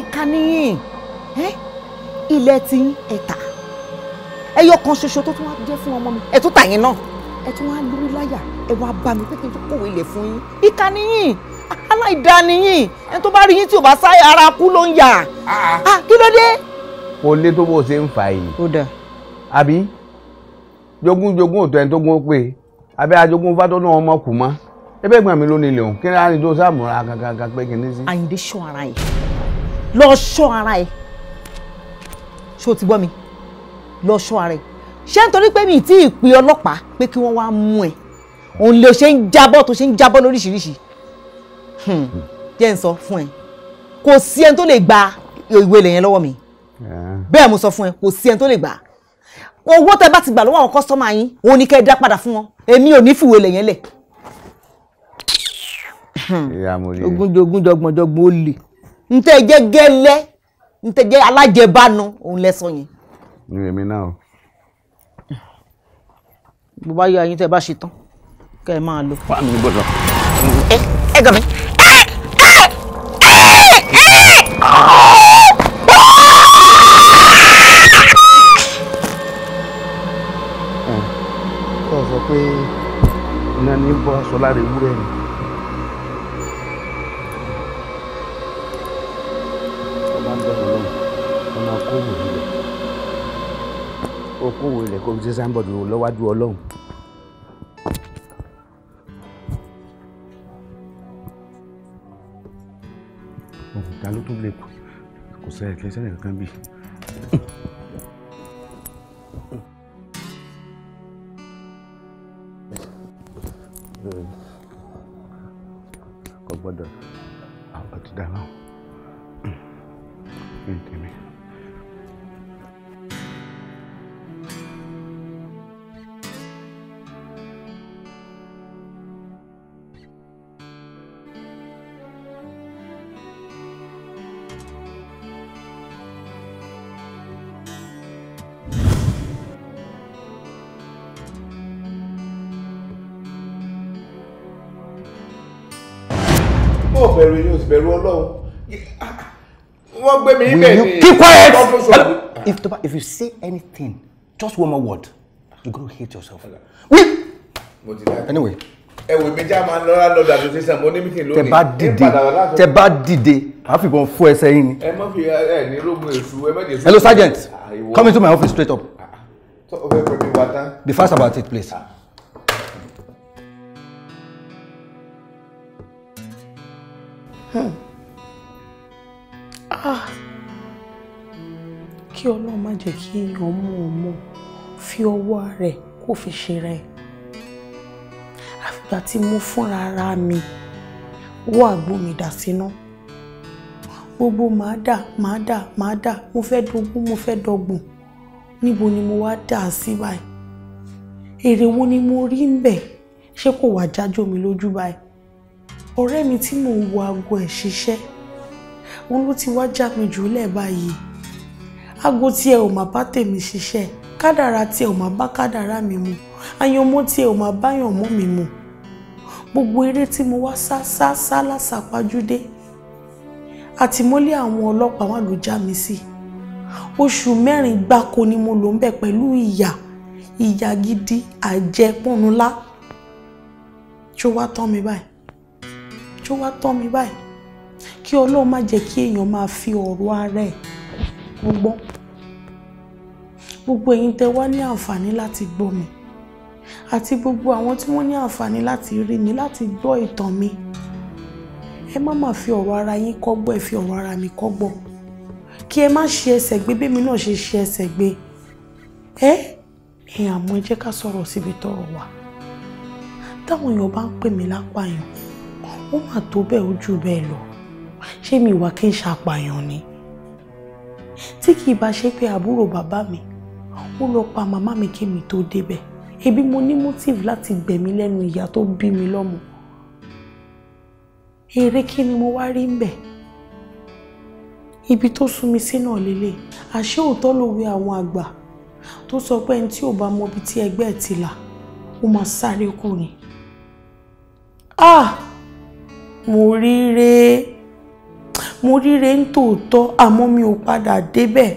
Speaker 2: ìkànnìyìn ilẹ̀ tí ẹ tà ẹyọ kan ṣoṣo tó tún wá jẹ́ fún ọmọ mi ẹ tún tà yín náà ẹ tún wá lórí láyà ẹ wá bá mi pé kí n tó kọ̀wé ilẹ̀ fún yín ìkànnìyìn aláìda nìyí ẹni tó bá rí
Speaker 8: yín tí ò bá sá ara kú ló ń yà á ah, ah. ah, kí ló dé.
Speaker 9: kò lé tó bó ṣe ń fà yìí. ó dà. àbí jogúnjogún òtọ́ ẹni tó gún ó pè é abẹ́ ajogún fátọ́nù ọmọ kù mọ́ ẹbẹ́ ìgbà mi ló ní òun kí láàrin tó sàmúra kankan pé kìíní sí. àyìndé ṣọ́ ara ẹ̀ lọ ṣọ́ ara ẹ̀ ṣé o ti gbọ́ mi
Speaker 2: lọ ṣọ́ ara ẹ̀ ṣé nítorí pé mi ì tí ì pe ọlọ́pàá pé kí wọ́n wá mú ẹ òun lè ṣe ń jábọ́ tó ṣe ń jábọ́ lóríṣiríṣi Hmm. jẹ́ n sọ fún ẹ kò sí ẹni tó lè gba ìwé ilẹ̀ yẹn lọ́wọ́ mi ah. bẹ́ẹ̀ mo sọ fún ẹ kò sí ẹni tó lè gbà owó tẹ bá ti gbà lọ́wọ́ àwọn kọ́sọ́mà yín òun ni kẹ́ ẹ dá padà fún wọn èmi ò ní fìwé ilẹ̀ yẹn lẹ̀
Speaker 8: ogunjogun ó lè
Speaker 2: n jẹ gẹ́lẹ́ n jẹ alájẹbánu òun lẹsọ yẹn.
Speaker 9: ní èmi náà.
Speaker 2: bó bá yọ ayín tẹ bá ṣe tán kẹ́ ẹ máa lọ. wàá mi gbọ́dọ̀. ẹ ẹ gàn
Speaker 9: aṣọ lára ewúrẹ́ ni. ọba ń bẹ̀rù lọ́wọ́ ọmọ okòwò ilẹ̀ okòwò ilẹ̀ kò ṣe sáńbọ̀dù lọ́wájú ọlọ́run. òkúta ló tún lè kù kò sẹ́yìn kí ẹ sẹ́yìn kankan bíi. kò gbọ́dọ̀ àwọn ti dáná ní hmm. hmm, tèmi. bẹ̀rù yóò sì bẹ̀rù ọlọ́run
Speaker 8: wọ́n gbé mi ibẹ̀ ni keep quiet
Speaker 6: if, you say anything just one more word you go hate yourself. anyway
Speaker 9: ẹwẹ méjà máa ń lọ́ra lọ́dọ̀ àti sísan mo ní mítìn lónìí. tẹ bá dìde tẹ bá
Speaker 6: dìde màá fìbọn fún ẹsẹ̀ yín ni.
Speaker 9: ẹ má fi ẹ ní lóògùn èṣù ẹ má jẹ sí. hello sergeant ah, come into my office straight up. Ah, ah.
Speaker 6: be fast about it please. Ah.
Speaker 2: jẹ́ kí èèyàn mọ̀ ọ́ mọ̀ fi ọwọ́ rẹ̀ kó fi ṣe rẹ̀ àfìgbà tí mo fúnra ara mi wọ́ àgbo mi dà síná gbogbo màá dà màá dà màá dà mo fẹ́ dogún mo fẹ́ dọgbọ̀n níbo ni mo wá dà sí báyìí èrè wo ni mo rí ń bẹ̀ ṣé kò wá jájó mi lójú báyìí ọ̀rẹ́ mi tí mò ń wo aago ẹ̀ ṣiṣẹ́ òun ló ti wá já mi jùlẹ̀ báyìí aago tí ẹ ò máa bá tèmi ṣiṣẹ́ kádàrá tí ẹ ò máa bá kádàrá mi mu àyànmọ́ tí ẹ ò máa báyàn mọ́ mi mu gbogbo eré tí mo wá sá sá sá lásàpájúdé àtìmọ́lé àwọn ọlọ́pàá wọn ló já mi sí oṣù mẹ́rin gbáko ni mo lò ń bẹ̀ pẹ̀lú ìyà ìyà gidi àjẹpọ̀nulá tó wá tán mi báyìí tó wá tán mi báyìí kí ọlọ́run má jẹ́ kí èèyàn máa fi ọ̀rọ̀ ara ẹ̀ mo gbọ́ gbogbo ẹ̀yin tẹ wá ní àǹfààní láti gbọ́ mi àti gbogbo àwọn tí wọ́n ní àǹfààní láti rí mi láti gbọ́ ìtàn mi ẹ má má fi ọ̀rọ̀ ara yín kọ́gbọ́ ẹ fi ọ̀rọ̀ ara mi kọ́gbọ́ kí ẹ má ṣe ẹsẹ̀ gbé bẹ́ẹ̀ mi náà ṣe ṣe ẹsẹ̀ gbé ẹ ẹ àmọ́ ẹ jẹ́ ká sọ̀rọ̀ síbi tọ́rọ̀ wà táwọn èèyàn bá ń pè mí lápàyàn ó mà tó bẹ́ẹ̀ ó bẹ́ẹ̀ lọ ṣé mi ìwà kí n ṣàpàyàn ni tí kì í bá ṣe pé àbúrò bàbá mi ó lọ pa màmá mi kí mi tó débẹ̀ ebi mo ní motive láti gbẹ̀mí lẹ́nu ìyá tó bí mi lọ́mọ èrè kí ni mo wá rí ń bẹ̀ ibi tó sún mi sí náà lélẹ̀ àṣé òótọ́ lòwe àwọn àgbà tó sọ pé ẹni tí ò bá mọbi tí ẹgbẹ́ ti là ó máa sáré kù ni ah mo rí rèé mo ríre ń tòótọ́ àmọ́ mi ò padà débẹ̀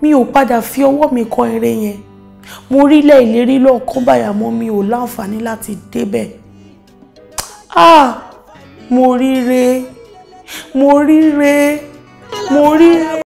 Speaker 2: mi ò padà fi ọwọ́ mi kọ eré yẹn mo rílẹ̀ ìlérí lọ́ọ̀kan báyà mọ́ mi ò láǹfààní láti débẹ̀ ah mo ríre
Speaker 3: mo ríre mo ríre.